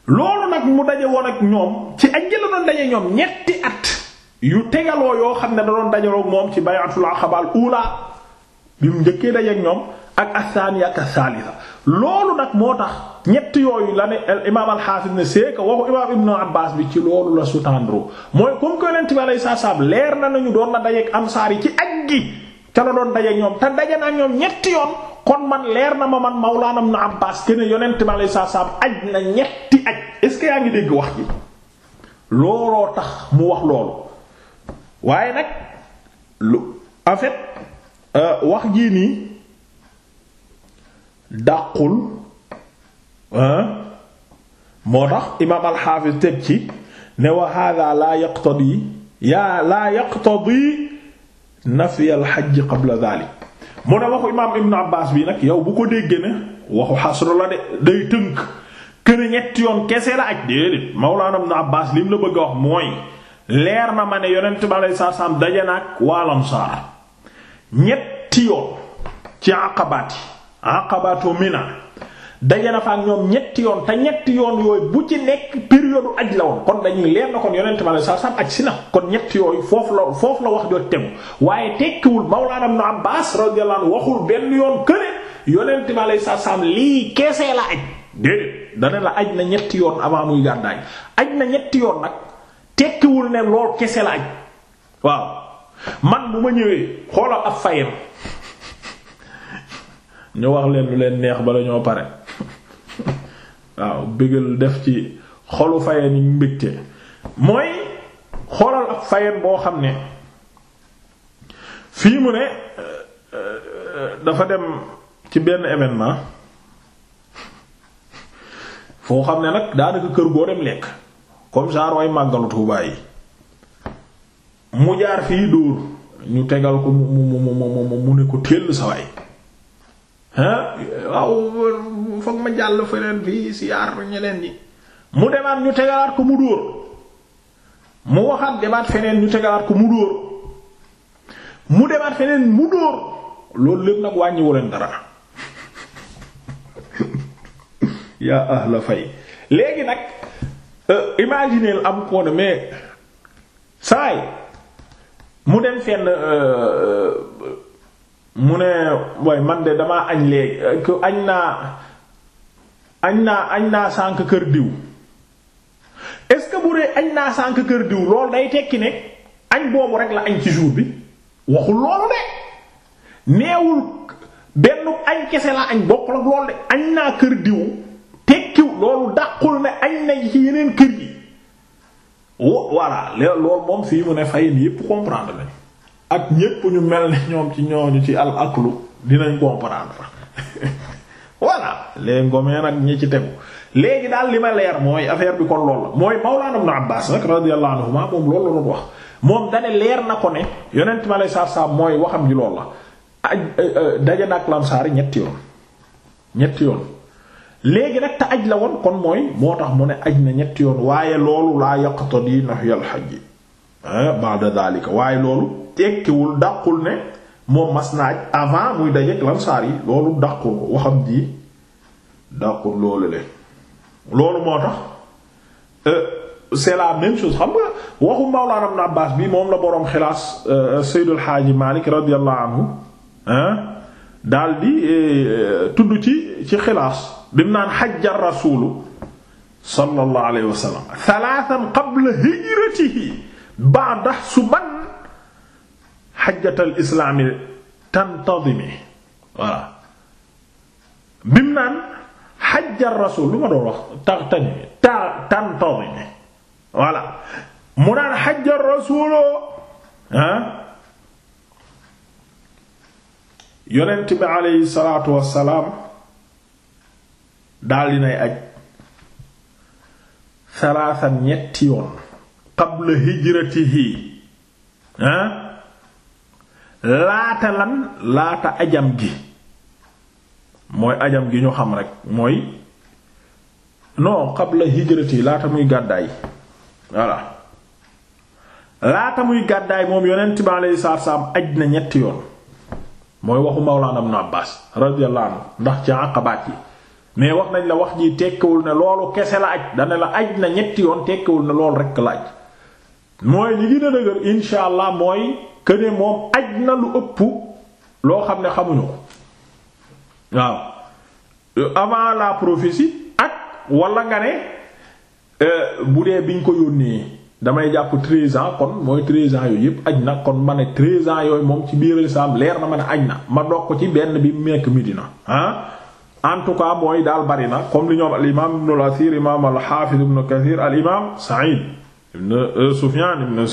loolu nag mu daje woon ak ñoom ci ajj la doon daje ñoom ñetti at yu tegaloo yoo xam ne da doon dajaloo moom ci bay'atul aqabal ula bi mu njëkkee daje ñoom ak asaani ak asaalisa loolu nag moo tax ñett yooyu la ne imaam alxaafis ne seeka waxu imaam ibnu abbas bi ci loolu la sutandro mooy comme que yonent bi alayhi salaam leer na nañu doon na dajeek ansaar yi ci ak gi ca la doon daje ñoom te daje naa ñoom ñetti yoon kon man leer na ma man Mawlaana Ibn Abbaas kenn yonent ma lay saa saam aj na ñetti aj est-ce que yaa ngi dégg wax ji looloo tax mu wax loolu waaye nag lu en euh, wax jii nii dàqul moo tax imaam alxaafis teg ci ne wa hada laa yaqtadi yaa laa yaqtadi nafiyal xajj qabla dalik mu ne waxu imaam ibnu Abbas bi nag yow bu ko déggee ne waxu xasru la de day tënk kër ñetti yoon kese la aj déedéet Mawlaana ibnu Abbas lim la bëgg a wax mooy leer na ma ne yonent bi alayhi salaatu daje na ak waa Ansaar ñetti yoon ci aqabaati aqabatu Mina daje na fa ak ñoom ñetti yoon te ñetti yoon yooyu bu ci nekk période aj la woon kon dañuy leer na kon yonent ma la sa aj si na kon ñetti yooyu foofu la foofu la wax jot tegu waaye tekkiwul Mawlana Ibn Abbas radiyallahu anhu waxul benn yoon këne yonent ma lay sa lii keesee la aj déedéet dana la aj na ñetti yoon avant muy gàddaay aj na ñetti yoon nag tekkiwul ne lool kese la aj waaw man bu ma ñëwee xoolal ab fayam ñu wax leen lu leen neex bala ñoo pare waaw bëggal def ci xolu fayeen yi mbégte mooy xoolal fayeen boo xam ne fii mu ne dafa dem ci benn événement foo xam ne nag daanaka kër goo dem lekk comme genre way màggalu Tuubaa yi mu jaar fii dóor ñu tegal ko mu mu mu mu mu ne ko téll sa waaw foog ma jàll feneen fii siyaar ñeneen ñi mu demaat ñu tegalaat ko mu dóor mu waxaat demaat feneen ñu tegalaat ko mu dóor mu demaat feneen mu dóor loolu lépp nag wàññiwu leen dara yaa ah la fay léegi nag euh, imagineel am koo ne mais saay mu dem fenn euh, mu ne way man de damaa añ léegi añ naa añ naa añ naa sànq kër diw est-ce que bu dee añ naa sànq kër diw loolu day tekki ne añ boobu rek la añ ci jour bi waxul loolu de neewul benn añ kese la añ bokkul ak loolu de añ naa kër diw tekkiw loolu daqul ne añ na ci yeneen kër yi voilà loolu moom fii mu ne fayin yépp comprendre nañ ak ñépp ñu mel ni ñoom ci ñooñu ci al aklu dinañ comprendre voilà les ngomeen ak ñi ci tegu léegi daal li ma leer mooy affaire bi kon lool la mooy Mawlana Ibn Abbas nag radiyallahu anhuma moom loolu leer na ko ne yonent ma lay saab mooy waxam ji lool la aj eh, eh, daje na ak lamsaari ñetti yoon léegi nag aj la woon kon mooy moo tax mu ne aj na ñetti yoon waaye loolu laa yaqtadi nahya al hajj eh, ba'da dhalika waaye loolu tekkiwul dàqul ne moom mas naaj avant muy dajeek lansaar yi loolu dàqul ko waxam ji dàqul loolu le loolu moo tax euh, c'est la même chose xam nga waxu Mawlaana Ibn Abbaas bi moom la boroom xilaas euh, Seydul Xaaji Maalik radiyallahu anhu daldi euh, tudd ci ci xilaas bi mu naan xajja rasuulu sallallahu xajjatal islaami tantadimi voilà bim naan xajja rasul lu ma doon wax tantadimi ta tantadimi voilà mu naan xajja rasuloo ah yonent bi aleyhi salaatu wassalaam daal dinay aj salaasan ñetti yoon qabla hijratihi ah laata lan laata ajam gi mooy ajam gi ñu xam rek mooy noo xab non qabla hijrati laata muy gàddaay voilà laata muy gàddaay moom yonent bi alayhi salaatu salaam aj na ñetti yoon mooy waxu Mawlaana Ibn Abbaas radiyallahu ndax ci àqabaat yi mais wax nañ la wax ji tekkiwul ne loolu kese la aj dana la aj na ñetti yoon tekkiwul ne loolu rekk la aj mooy li gën a dëgër insha mooy que ne moom aj na lu ëpp loo xam ne xamuñu ko waaw avant la prophétie ak wala nga ne euh, bu dee biñ ko yónnee damay jàpp treize ans kon mooy treize ans yooyu yëpp aj na kon ma ne treize ans yooyu moom ci biir islam leer na ma ne aj na ma dog ko ci benn bi mu nekk Medina ah en tout cas mooy daal bari na comme li ñoom al imam ibn al asir imam al hafiz ibn kathir al imam Sa'id ibn euh, Sufyan ibn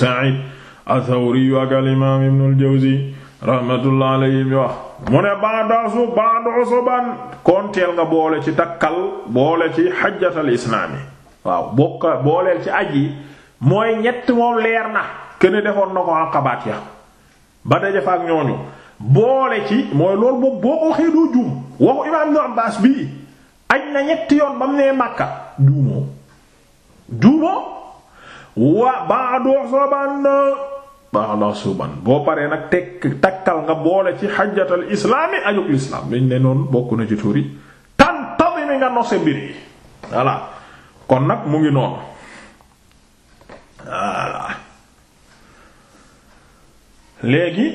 athawriyu ak alimaam ibnul jawzi rahmatullah alayhi mi wax mu ne baadaasu baadooso ban konteel nga boole ci takkal boole ci xajjatal islaami waaw bokka booleel ci aj yi mooy ñett moom leer na kene defoon na ko àqabaat ya ba dajafa ak ñooñu boole ci mooy loolu boobu boo ko waxee doo waxu imaam ibnu abbaas bii aj na ñetti yoon ba mu nee màkka juumoo juumoo wa baadooso ban ba'da suban boo paree nag tekk takkal nga boole ci xajjatal islaami ajug lislaam lañ ne noonu bokk na ci tuuri yi tantami mi nga nose mbir yi voilà kon nag mu ngi noonu voilà léegi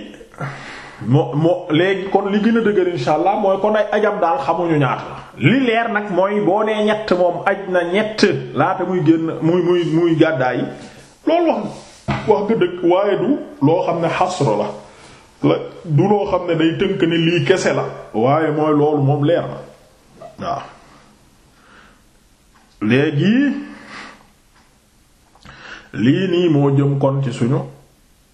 moo moo léegi kon li gën a dëgër insha mooy kon ay ajam daal xamuñu ñaata la li leer nag mooy boo nee ñett moom aj na ñett laata muy génn muy muy muy gàddaay loolu wax wax nga dëkk waaye du loo xam ne xasro la la du loo xam ne day tënk ni lii kese la waaye mooy loolu moom leer na waaw léegi lii nii moo jëm kon ci suñu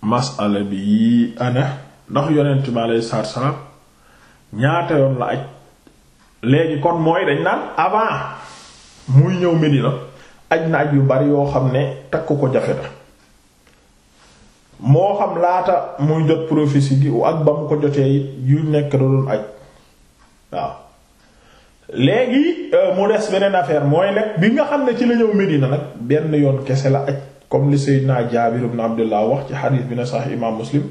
masala bi yii ane ndax yonent bi alayhi salaatu salaam ñaata yoon la aj léegi kon mooy dañ naan avant muy ñëw Medina aj na aj yu bari yoo xam ne takk ko jafe moo xam laata muy jot prophétie gi ak ba mu ko jotee yu nekk da doon aj waaw léegi euh, mu des beneen affaire mooy nag bi nga xam ne ci la ñëw Medina nag benn yoon kese la aj comme li Seydina Jaabir ibn Abdullah wax ci xadiis bi ne sax imaam Muslim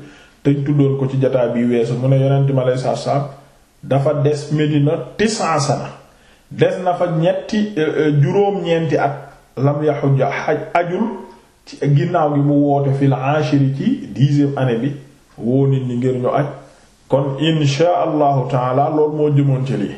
te ñu ko ci jotaay bi weesu mu ne yonent ma lay saaf saaf dafa des Medina tisan sana des na fa ñetti euh, euh, juróom-ñeenti at lam yaxu ajul ci ginnaaw gi mu woote fil ashiri ci dixième année bi woo nit ñi ngir ñu kon insha allahu taala loolu moo jëmoon ci lii